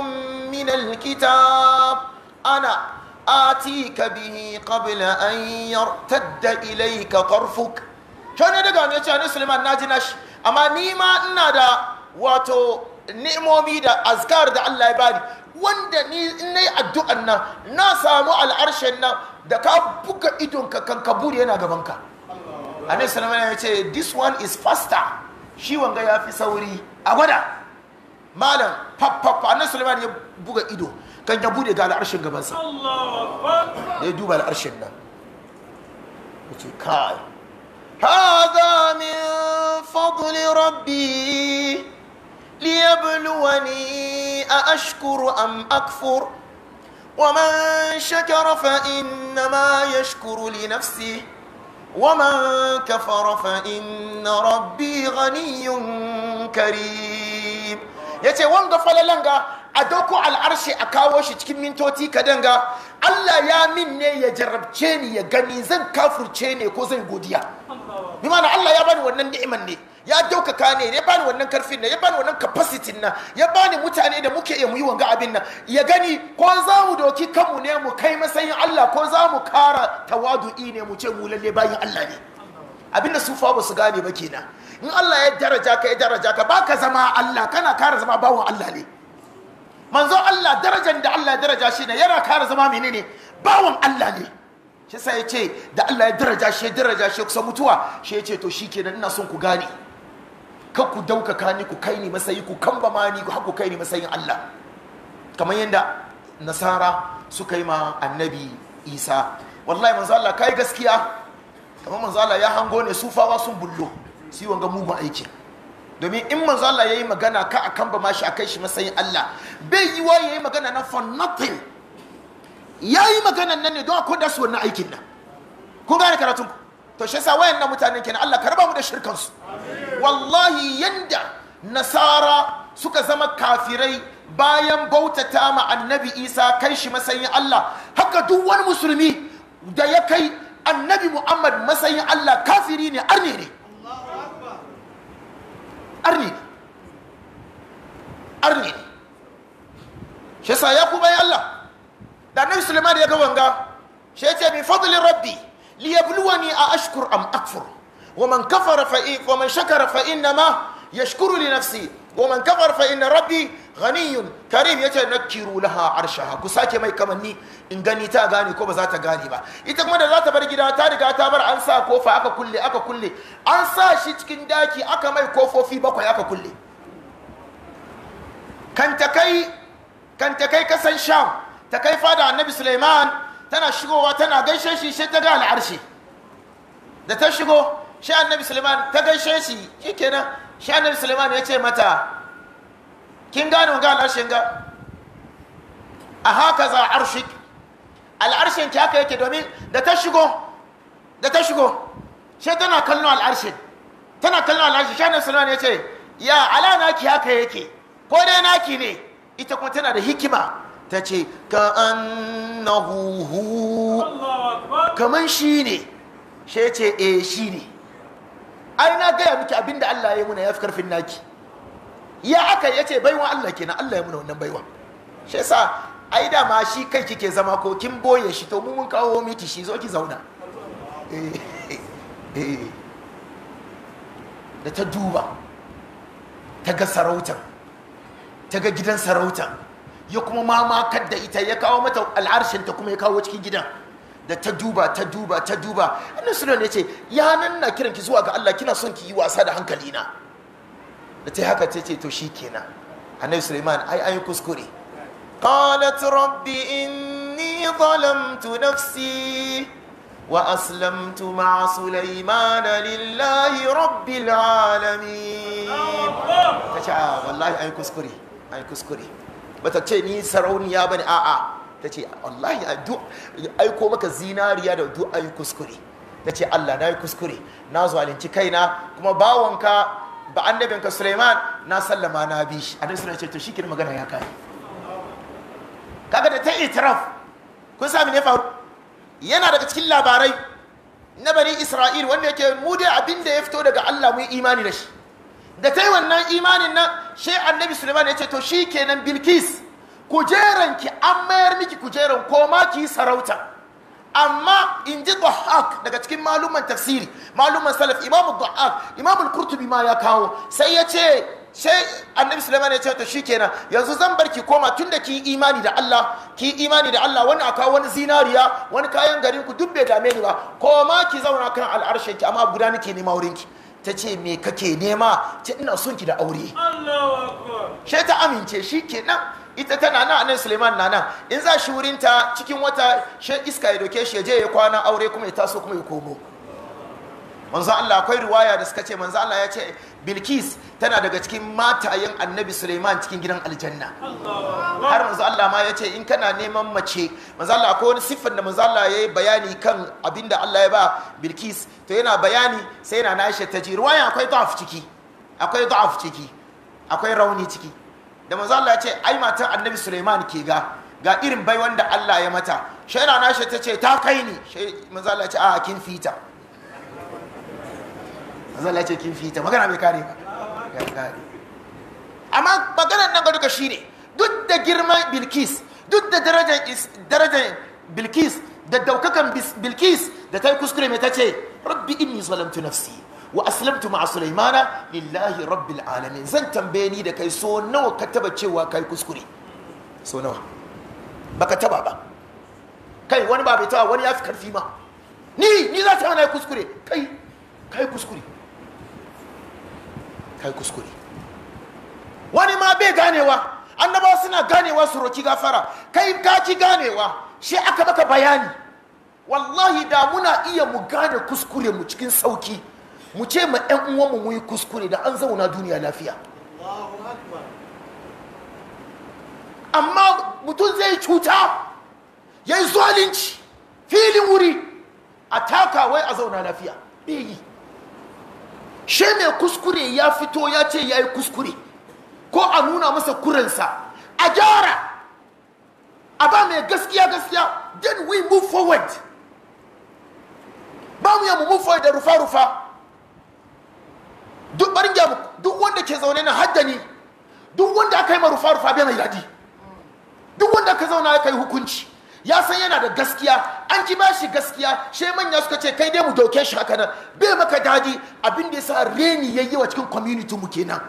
من الكتاب أنا آتيك به قبل أن يرتد إليك طرفك kyau ne daga wani cewa ni suleiman na ji nashi amma ni ma ina da wato ni'imomi da azkar da Allah ya bani wanda ni na yi addu'an nan na samu al'arshen nan da ka buga idonka kan kaburi yana gaban ka annabi sallallahu alaihi wasallam ya ce this one is faster shi wanga ya fi sauri a gwada malam fafafa annabi sallallahu ya buga ido kan ya bude ga al'arshen gabansa ya duba al'arshen nan ce kai هذا من فضل ربي ليبلوني أأشكر أم أكفر ومن شكر فإنما يشكر لنفسه ومن كفر فإن ربي غني كريم يتي وانغ فلالنغا a dauko al'arshi a kawo shi cikin mintoci ka danga Allah ya min ne ya jarabce ni ya gani zan kafurce ne ko zan godiya bi mana Allah ya bani wannan ni'iman ne ya daukaka ne ya bani wannan karfin na ya bani wannan capacity na ya bani mutane da muke iya muyi wanga abin nan ya gani ko za mu doki kanmu ne mu kai masayin Allah ko za mu kara tawadu'i ne mu ce mu lalle bayin Allah ne abinda su fa ba su gane ba kenan in Allah ya daraja ka ya daraja ka baka zama Allah kana kara zama bawon Allah ne manzo Allah darajar da Allah ya daraja shi ne yana kara zama ne bawan Allah ne shi sai ya ce da Allah ya daraja shi daraja shi kusa mutuwa shi ya ce to shikenan ina son ku gane kar ku daukaka ni ku kai ni masayi ku kamba ma ni ku kai ni masayin Allah kamar yadda nasara suka yi ma annabi isa wallahi manzo Allah kai gaskiya kamar manzo Allah ya hango ne sufawa sun bullo su yi wanga mugun aiki. domin in manzo Allah yayi magana ka akan ba mashi akai shi matsayin Allah bai yi wa yayi magana na for nothing yayi magana nan ne don akwai da su wannan aikin nan kun gane karatun ku to shi yasa wayannan mutanen kenan Allah ka raba mu da shirkan su wallahi yanda nasara suka zama kafirai bayan bautata ma annabi Isa kai shi matsayin Allah haka duk wani musulmi da ya kai annabi Muhammad matsayin Allah kafiri ne arne ne arni ne arni ne shi yasa ya ku bayan Allah da annabi Sulaiman ya ga wanga shi yace bi fadli rabbi li yabluwani a ashkur am akfur wa man kafara fa wa man shakara fa innama yashkuru li nafsi wa kafar fa inna rabbi ghaniyun karim yace nakiru laha arshaha ku sake mai kamanni in gani ta gane ko ba za ta gane ba ita kuma da za ta bar gida ta riga ta bar an sa kofa aka kulle aka kulle an sa shi cikin daki aka mai kofofi bakwai aka kulle kan ta kai kasan sham ta kai fada annabi suleiman tana shigowa tana gaishe shi sai ta ga al'arshi da ta shigo shi annabi suleiman ta gaishe shi shikenan shi annabi suleiman ya ce mata kin gane ga al'arshin ga a haka za arshik al'arshen ki haka yake domin da ta shigo da ta shigo shi tana kallon al'arshen, tana kallon al'arshen. shi annabi suleiman ya ce ya ala naki haka yake ko dai naki ne ita kuma tana da hikima ta ce ka huhu, kamar shi ne shi ce eh shi ne ai na gaya miki abin da Allah ya yi muna ya fi karfin naki ya aka ya ce baiwa Allah kenan Allah ya muna wannan baiwa shi yasa ai da ma shi kai kike zama ko kin boye shi to mu mun kawo miki shi zo ki zauna eh, eh, eh. da ta duba ta ga sarautar ta ga gidan sarautar ya kuma mamakar da ita ya kawo mata ta kuma ya kawo cikin gidan da ta duba ta duba ta duba annan sunan ya ce ya nan na kiran ki zuwa ga Allah kina son ki yi wasa da hankali na da ta haka ce to shi kenan annabi suleiman ai an yi kuskure qalat rabbi inni zalamtu nafsi wa aslamtu ma'a Sulaiman lillahi rabbil alamin ta ce ah, wallahi an yi kuskure an yi kuskure bata ce ni sarauniya bane a'a ta ce wallahi aiko maka zinariya da duk ayi kuskure ta ce Allah na yi kuskure na zalunci kaina kuma bawanka ba annabinka Suleiman na sallama na bi shi annabi Suleiman ce to shikin magana ya kai kaga da ta itiraf kun sami ne faru yana daga cikin labarai na bani Isra'il wanda yake mu dai abin da ya fito daga Allah mu imani da shi da ta yi wannan imanin nan shi annabi Suleiman ya ce to shi kenan Bilkis kujeran ki an mayar miki kujeran ko ma ki sarauta amma in ji dhahak daga cikin maluman tafsiri maluman salaf imamu dhahak imamu kurtubi ma ya kawo sai ya ce sai annabi sulaiman ya ce to kenan yanzu zan bar ki koma tunda ki imani da Allah ki imani da Allah wani aka wani zinariya wani kayan garin ku duk bai dame ni ba koma ki zauna kan al'arshin ki amma guda nake nema wurin ki ta ce me kake nema Ta ina son ki da aure shi ta amince shi ke nan. ita tana nan anan suleiman na nan in za shi wurinta cikin wata shi iska ya doke shi ya je ya kwana aure kuma ya taso kuma ya komo manzo Allah akwai riwaya da suka ce manzo Allah ya ce bilkis tana daga cikin matayen annabi suleiman cikin gidan aljanna har manzo Allah ma ya ce in kana neman mace manzo Allah akwai wani siffar da manzo Allah ya yi bayani kan abin da Allah ya ba bilkis to yana bayani sai yana nashi ta ji ruwaya akwai da'af ciki akwai da'af ciki akwai rauni ciki da manzo Allah ya ce ai matan annabi suleiman ke ga ga irin bai wanda Allah ya mata shaina nashi ta ce ta kai ni manzo Allah ya ce a kin fita manzo Allah ce kin ta magana bai kare ba kare amma maganar nan ga shi ne. duk da girman Bilkis duk da darajar darajar Bilkis da daukakan Bilkis da ta yi kuskure mai ta ce rabbi inni zalamtu nafsi wa aslamtu ma'a sulaimana lillahi rabbil alamin zan tambaye ni da kai so nawa ka taba cewa kai kuskure so nawa baka taba ba kai wani ba bai taba wani ya fi karfi ma ni ni za ta yi kuskure kai kai kuskure kai kuskure wani ma bai ganewa annaba suna ganewa su roki gafara kai kaki ganewa shi aka baka bayani wallahi da muna iya mu gane kuskure mu cikin sauki mu ce ma 'yan uwan mu yi kuskure da an zauna duniya lafiya amma mutum zai cuta ya yi zalunci filin wuri a taka wai a zauna lafiya bai she mai kuskure ya fito ya ce ya yi kuskure ko a nuna masa kurinsa, a gyara a ba mai gaskiya gaskiya then we move forward ba mu yamu move forward da rufa-rufa duk barin gyamu duk wanda ke zaune na haddani duk wanda aka yi ma rufa-rufa bai mai daɗi duk wanda ka zauna aka yi hukunci ya san yana da gaskiya an ji ba shi gaskiya shi manya suka ce kai dai mu doke shi haka nan bai maka daɗi abin da ya sa reni ya yi wa cikin community mu kenan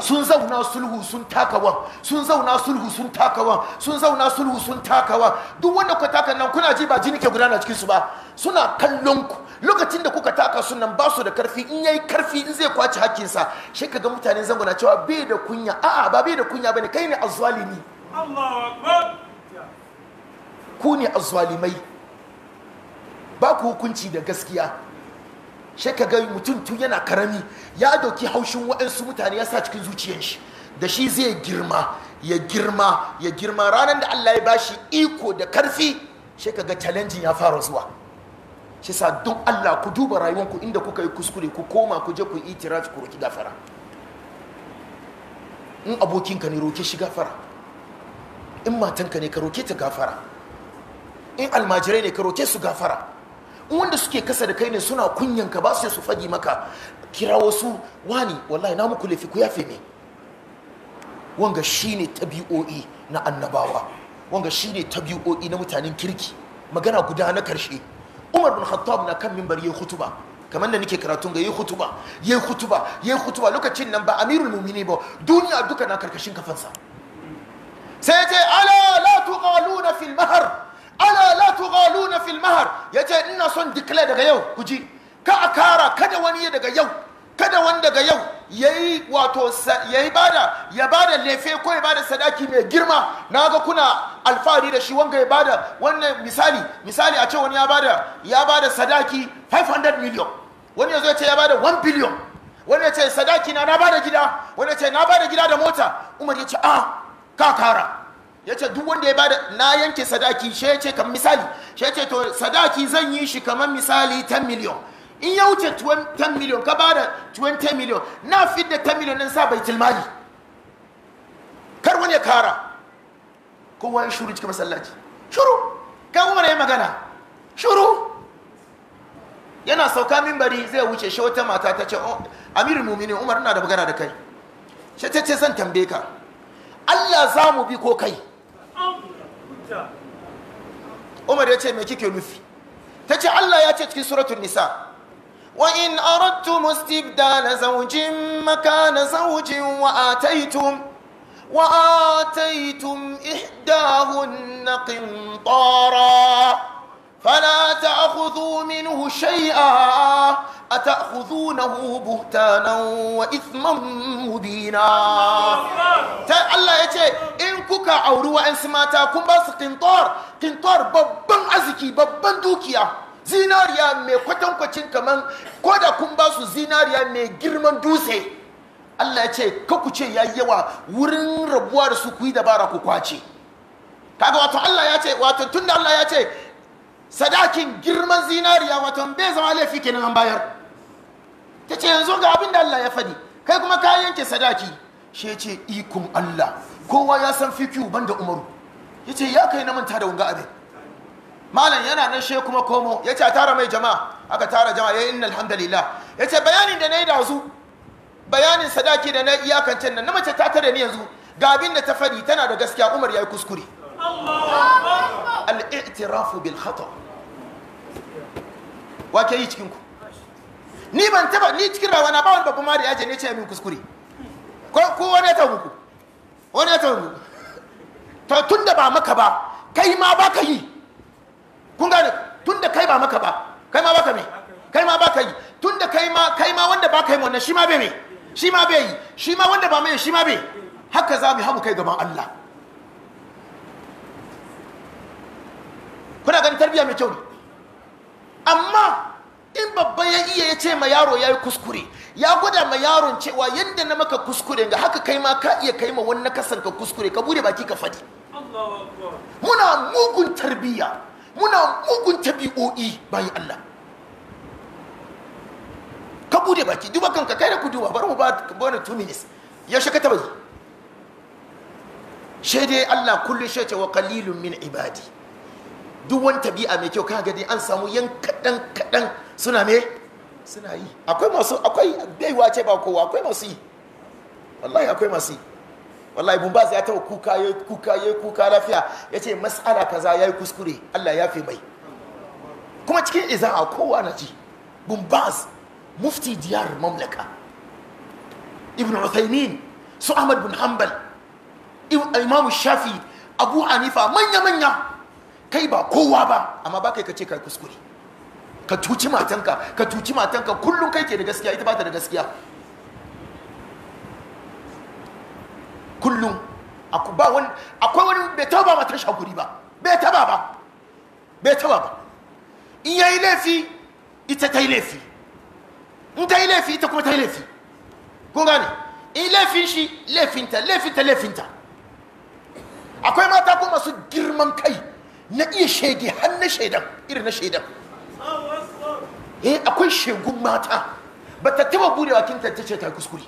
sun zauna sulhu sun takawa sun zauna sulhu sun takawa sun zauna sulhu sun takawa duk wanda ku taka nan kuna ji ba jini ke gudana cikin su ba suna kallon ku lokacin da kuka taka sunan nan ba su da karfi in yayi karfi in zai kwaci hakkin sa shi kaga mutane zango na cewa bai da kunya a'a ba bai da kunya bane kai ne azzalimi Allahu akbar ku ne azzalimai ba ku hukunci da gaskiya shi ka ga mutum tun yana karami ya dauki haushin waɗansu mutane ya sa cikin zuciyar shi da shi zai girma ya girma ya girma ranar da Allah ya bashi iko da karfi shi ka ga challenging ya fara zuwa shi sa don Allah ku duba rayuwanku inda kuka yi kuskure ku koma ku je ku itirafi ku roki gafara in abokinka ne roke shi gafara in matanka ne ka roke ta gafara in almajirai ne ka roke su gafara wanda suke kasa da kai ne suna kunyan ka ba su su fagi maka kira wasu wani wallahi na muku lafi ku yafe ne wanga shine tabi'o'i na annabawa wanga shine tabi'o'i na mutanen kirki magana guda na karshe umar bin khattab na kan mimbar yayi hutuba kamar da nake karatun ga yayi hutuba yayi hutuba yayi hutuba lokacin nan ba amirul mu'minin ba duniya duka na karkashin kafansa sai ya ce ala la tuqaluna fil mahr ana la tughaluna fil mahar yace ina son declare daga yau ku ji ka a kara kada wani ya daga yau kada wani daga yau yayi wato yayi bada ya bada lefe ko ya bada sadaki mai girma naga kuna alfahari da shi wanga ya bada wannan misali misali a ce wani ya bada ya bada sadaki 500 million wani yazo ya ce ya bada 1 billion wani ya ce sadaki na na bada gida wani ya ce na bada gida da mota umar ya ce a ah, ka kara ya ce duk wanda ya bada na yanke sadaki shi ya ce kan misali shi ya ce to sadaki zan yi shi kamar misali 10 miliyon in ya wuce 10 miliyon ka bada 20 miliyon na fit da 10 miliyon nan sa bai tilmali kar wani ya kara kowa ya shuru cikin masallaci shuru ga umar ya magana shuru yana sauka mimbari zai wuce shi wata mata ta ce oh, amirul mumini umar na da magana da kai shi ta ce zan tambaye ka Allah za mu bi ko kai umar ya ce mai kike nufi ta ce allah ya ce cikin suratun nisa wa in arattu mustibdala zawjin makana zawjin wa ataitum wa ataitum ihdahunna qintara فلا تأخذوا منه شيئا أتأخذونه بهتانا وإثما مبينا الله يتي إن كوكا أورو أن سماتا كن باس قنطار قنطار ببن أزكي ببن دوكيا زيناريا مي kwatankwacin kaman كمان da kun ba زيناريا مي جرمان دوسي dutse Allah ya ce ka ku ce yayi yawa wurin rabuwa da su ku dabara ku kwace kaga wato Allah ya ce wato tunda Allah ya ce sadakin girman zinariya wato bai zama laifi kenan an bayar ta ce yanzu ga abin da Allah ya faɗi kai kuma ka yanke sadaki shi ce ikon Allah kowa ya san fikiyu da umaru ya ce ya kai na manta da wunga abin malam yana nan shi kuma komo ya ce a tara mai jama'a aka tara jama'a ya yi inna alhamdulillah ya ce bayanin da na yi da su bayanin sadaki da na iyakancin nan na mace ta tare ni yanzu ga abin da ta faɗi tana da gaskiya umar ya yi kuskure al'itirafu bil khata wake yi cikin ni ban taba ni cikin rawana ba wani babban mari ya ne ce min kuskure ko ko wani ya tabu muku wani ya tabu muku to tun da ba maka ba kai ma ba ka yi kun gane tun da kai ba maka ba kai ma ba ka me kai ma ba ka yi tun da kai ma kai ma wanda ba ka yi wannan shi ma bai me shi ma bai yi shi ma wanda ba mai shi ma bai haka za mu hamu kai gaban Allah kana gani tarbiya mai kyau ne amma in babba ya iya ya ce ma yaro ya yi kuskure ya gwada ma yaron cewa yadda na maka kuskure ga haka kai ma ka iya kai ma wani kasan ka kuskure ka bude baki ka fadi muna mugun tarbiya muna mugun tabi'o'i bayan Allah ka bude baki duba kanka kai da kuduwa bari mu ba bani two minutes yaushe ka taba yi shaidai Allah kullum shi ce wa kalilun min ibadi duk wani tabi'a mai kyau kan gani an samu yan kaɗan kaɗan suna me suna yi akwai masu akwai baiwa ce ba kowa akwai masu yi wallahi akwai masu yi wallahi ibn ya taɓa kuka ya kuka ya kuka lafiya ya ce mas'ala kaza ya yi kuskure allah ya fi mai kuma cikin iza'a kowa na ji ibn mufti diyar mamlaka ibn uthaymin su ahmad bin hanbal imam shafi abu hanifa manya-manya kai ba kowa ba amma ba kai ka ce kai kuskure ka tuci matanka ka tuci matanka kullum kai ke da gaskiya ita ba ta da gaskiya kullum akwai wani bai taba matan shaguri ba bai taba ba bai taba ba in ya yi laifi ita ta yi laifi in ta yi laifi ita kuma ta yi laifi ko gane in laifin shi laifinta laifinta laifinta akwai mata kuma su girman kai na iya shege har na shaidan irin na shaidan eh akwai shegun mata ba ta taba bude bakinta ta ce ta kuskure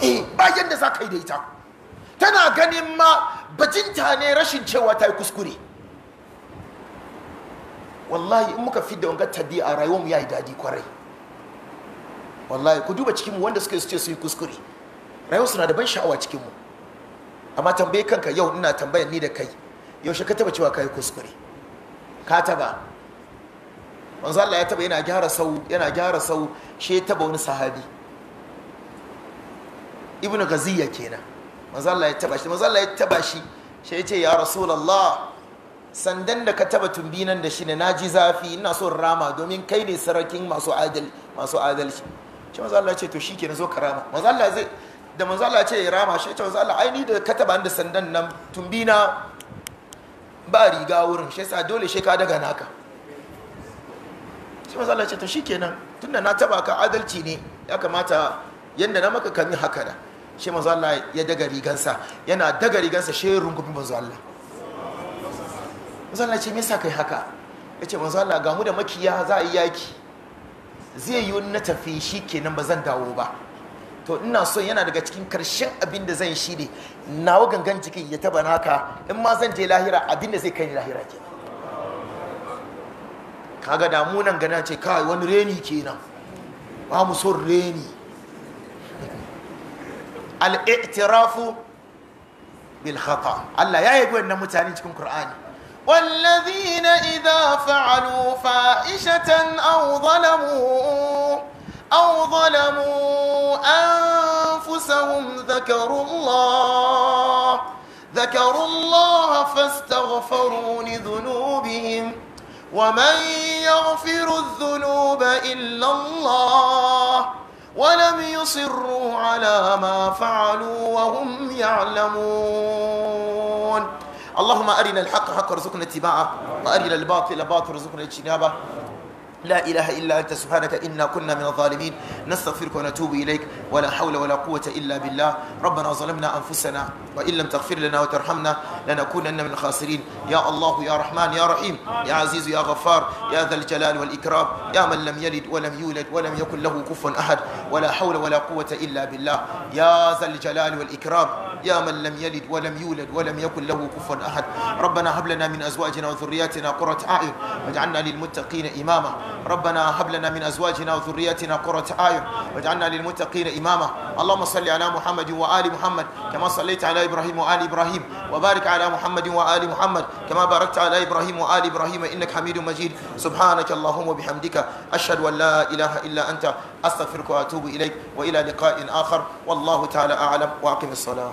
eh bayan da za ka yi da ita tana ganin ma bajinta ne rashin cewa ta yi kuskure wallahi in muka fi da wangar taddi a mu ya yi daɗi kwarai wallahi ku duba cikinmu wanda suka ce su yi kuskure rayuwarsu na da ban sha'awa cikinmu amma tambaye kanka yau ina tambayar ni da kai yaushe ka taba cewa kai kuskure ka taba manzo Allah ya taba yana gyara sau yana gyara sau shi ya taba wani sahabi ibnu gaziya kenan manzo Allah ya taba shi manzo Allah ya taba shi shi ya ce ya rasulullah sandan da ka taba tumbi nan da shi ne naji zafi ina so rama domin kai ne sarakin masu adal masu adalci shi manzo Allah ce to shikenan zo ka rama manzo Allah zai da manzo Allah ce ya rama shi ce manzo Allah ai ni da ka taba da sandan nan tumbi na ba riga wurin shi sa dole shi ka daga naka shi matsala ce to shikenan tunda na taba ka adalci ne ya kamata yadda na maka kami haka da shi manzo Allah ya daga rigansa yana daga rigansa shi rungumi manzo Allah manzo Allah ce me yasa kai haka yace manzo Allah ga mu da makiya za a yi yaki zai yi na tafi shikenan ba zan dawo ba to ina so yana daga cikin karshen abin da zan shi ne nawa gangan jikin ya taba naka in ma zan je lahira abin da zai kai ni lahira ke kaga damunan gana ce kai wani reni kenan ba mu son reni al-i'tirafu bil khata Allah ya yi wannan mutane cikin Qur'ani wallazina إذا fa'alu fa'ishatan aw zalamu? أو ظلموا أنفسهم ذكروا الله ذكروا الله فاستغفروا لذنوبهم ومن يغفر الذنوب إلا الله ولم يصروا على ما فعلوا وهم يعلمون اللهم أرنا الحق حق ارزقنا اتباعه وأرنا الباطل باطل ارزقنا اجتنابه لا إله إلا أنت سبحانك إنا كنا من الظالمين نستغفرك ونتوب إليك ولا حول ولا قوة إلا بالله ربنا ظلمنا أنفسنا وإن لم تغفر لنا وترحمنا لنكونن من الخاسرين يا الله يا رحمن يا رحيم يا عزيز يا غفار يا ذا الجلال والإكرام يا من لم يلد ولم يولد ولم يكن له كفوا أحد ولا حول ولا قوة إلا بالله يا ذا الجلال والإكرام يا من لم يلد ولم يولد ولم يكن له كفوا أحد ربنا هب لنا من أزواجنا وذرياتنا قرة أعين واجعلنا للمتقين إماما ربنا هب لنا من أزواجنا وذرياتنا قرة أعين واجعلنا للمتقين إماما اللهم صل على محمد وآل محمد كما صليت على إبراهيم وآل إبراهيم وبارك على محمد وآل محمد كما باركت على إبراهيم وآل إبراهيم إنك حميد مجيد سبحانك اللهم وبحمدك أشهد أن لا إله إلا أنت أستغفرك وأتوب إليك وإلى لقاء آخر والله تعالى أعلم وأقم الصلاة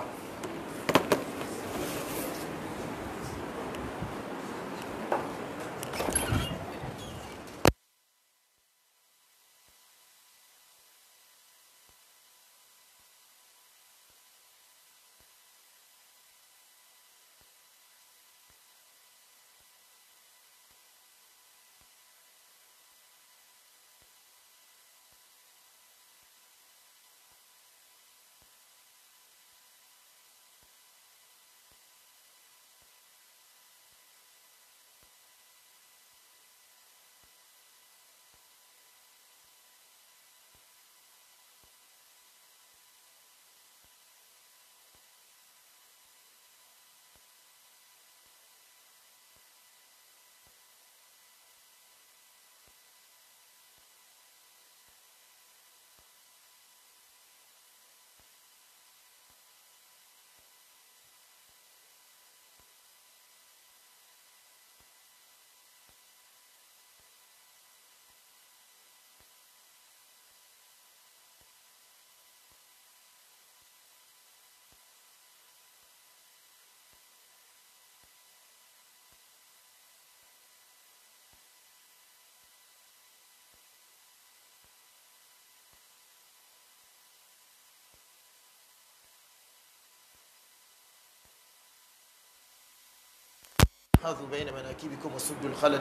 فحاذوا بين مناكبكم وسدوا الخلل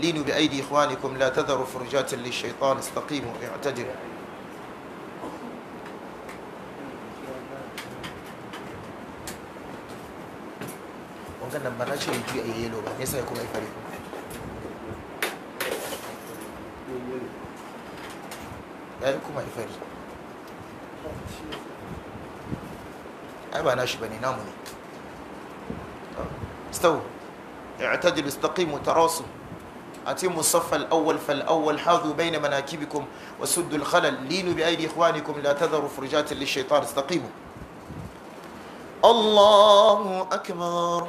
لينوا بأيدي إخوانكم لا تذروا فرجات للشيطان استقيموا اعتدلوا وقال لما نشر يجي أي يلو يسا يكون أي فريق لا يكون أي فريق أبا ناشي بني نامني استووا اعتدل استقيموا تراصوا أتموا الصف الأول فالأول حاذوا بين مناكبكم وسدوا الخلل لينوا بأيدي إخوانكم لا تذروا فرجات للشيطان استقيموا الله أكبر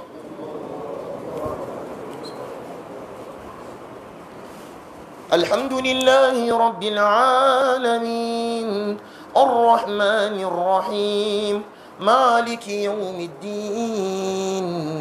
الحمد لله رب العالمين الرحمن الرحيم مالك يوم الدين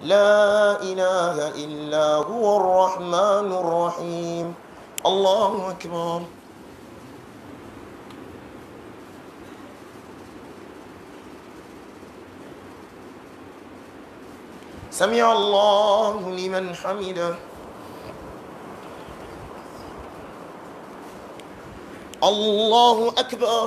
لا إله إلا هو الرحمن الرحيم الله أكبر سمع الله لمن حمده الله أكبر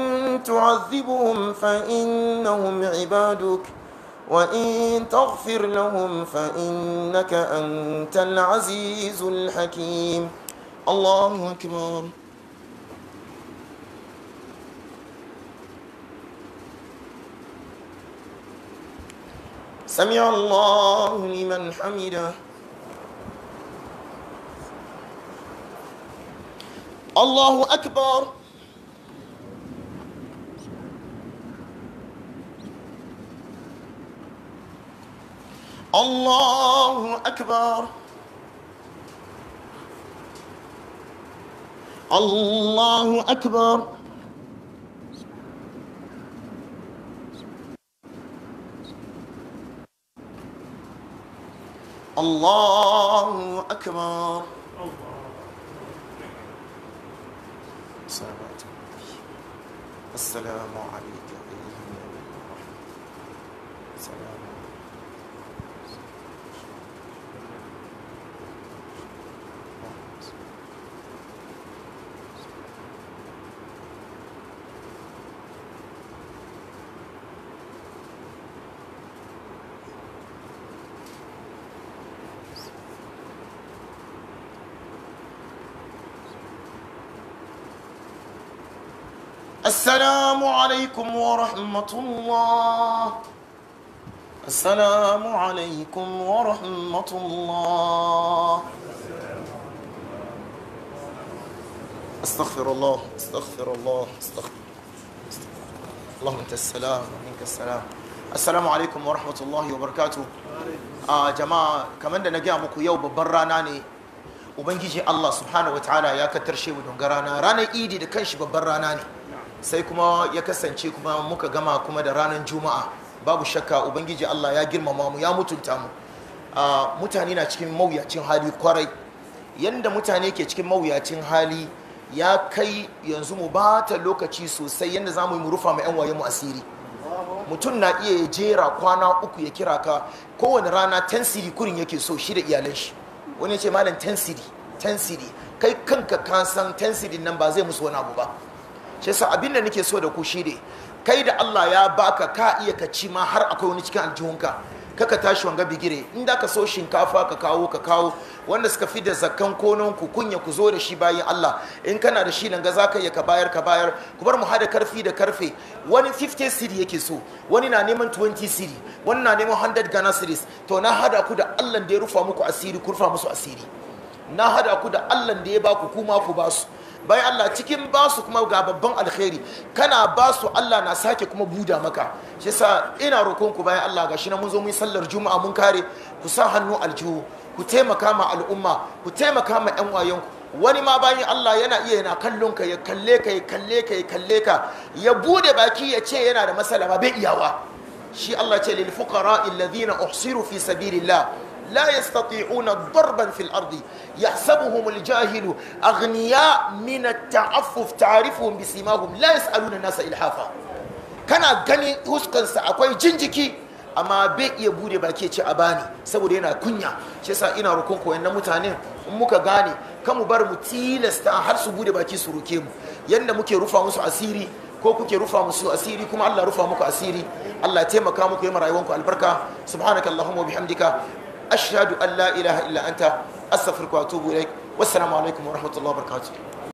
تعذبهم فإنهم عبادك وإن تغفر لهم فإنك أنت العزيز الحكيم الله أكبر سمع الله لمن حمده الله أكبر الله أكبر الله أكبر الله أكبر السلام عليك أيها السلام عليكم ورحمة الله السلام عليكم ورحمة الله استغفر الله استغفر الله استغفر اللهم انت السلام منك السلام alaikum wa rahmatullahi wa barkatu a jama'a kamar da na gaya muku yau babban rana ne ubangiji allah subhanahu wa ta'ala ya kattarshe mu don rana ranar idi da kanshi babban rana ne sai kuma ya kasance kuma muka gama kuma da ranar juma'a babu shakka ubangiji allah ya girmama mu ya mutunta mu mutane na cikin mawuyacin hali kwarai yadda mutane ke cikin mawuyacin hali ya kai yanzu mu ba ta lokaci sosai yadda za mu yi mu rufa ma 'yan waye mu asiri mutum na iya jera kwana uku ya kira ka kowane rana tensiri kurin yake so shi da iyalan shi wani ce malam tensiri tensiri kai kanka ka san tensirin nan ba zai musu wani abu ba shi sa abin da nake so da ku shi ne kai da Allah ya baka ka iya ka ci ma har akwai wani cikin aljihunka kaka tashi wanga bigire in da ka so shinkafa ka kawo ka kawo wanda suka fi da zakkan konon ku kunya ku zo da shi bayan Allah in kana da shi nan ga zaka iya ka bayar ka bayar ku bar mu hada karfi da karfe wani 50 cedi yake so wani na neman 20 cedi wani na neman 100 Ghana cedis to na hada ku da Allah da ya rufa muku asiri ku rufa musu asiri na hada ku da Allah da ya baku kuma ku basu bayan Allah cikin basu kuma ga babban alkhairi kana basu Allah na sake kuma buda maka shi yasa ina roƙon ku bayan Allah gashi na mun zo mun sallar juma'a mun kare ku sa hannu aljihu ku taimaka ma al'umma ku taimaka ma yan ku wani ma bayan Allah yana iya yana kallon ka ya kalle ka ya kalle ka ya kalle ka ya bude baki ya ce yana da masala ba bai iyawa shi Allah ce lil fuqara alladhina uhsiru fi sabilillah لا يستطيعون ضربا في الأرض يحسبهم الجاهل أغنياء من التعفف تعرفهم بسيماهم لا يسألون الناس إلحافا كان غني هسكن سأكوي جنجكي amma bai iya bude baki ce a bani saboda yana kunya shi yasa ina rukun ku wayannan mutanen in muka gane kan mu bar mu tilasta har su bude baki su ruke mu Yadda muke rufa musu asiri ko kuke rufa musu asiri kuma Allah rufa muku asiri Allah ya taimaka muku yi rayuwanku albarka subhanakallahumma wa bihamdika ashhadu an la ilaha illa anta astaghfiruka wa atubu ilaik wassalamu alaikum wa rahmatullahi wa barakatuh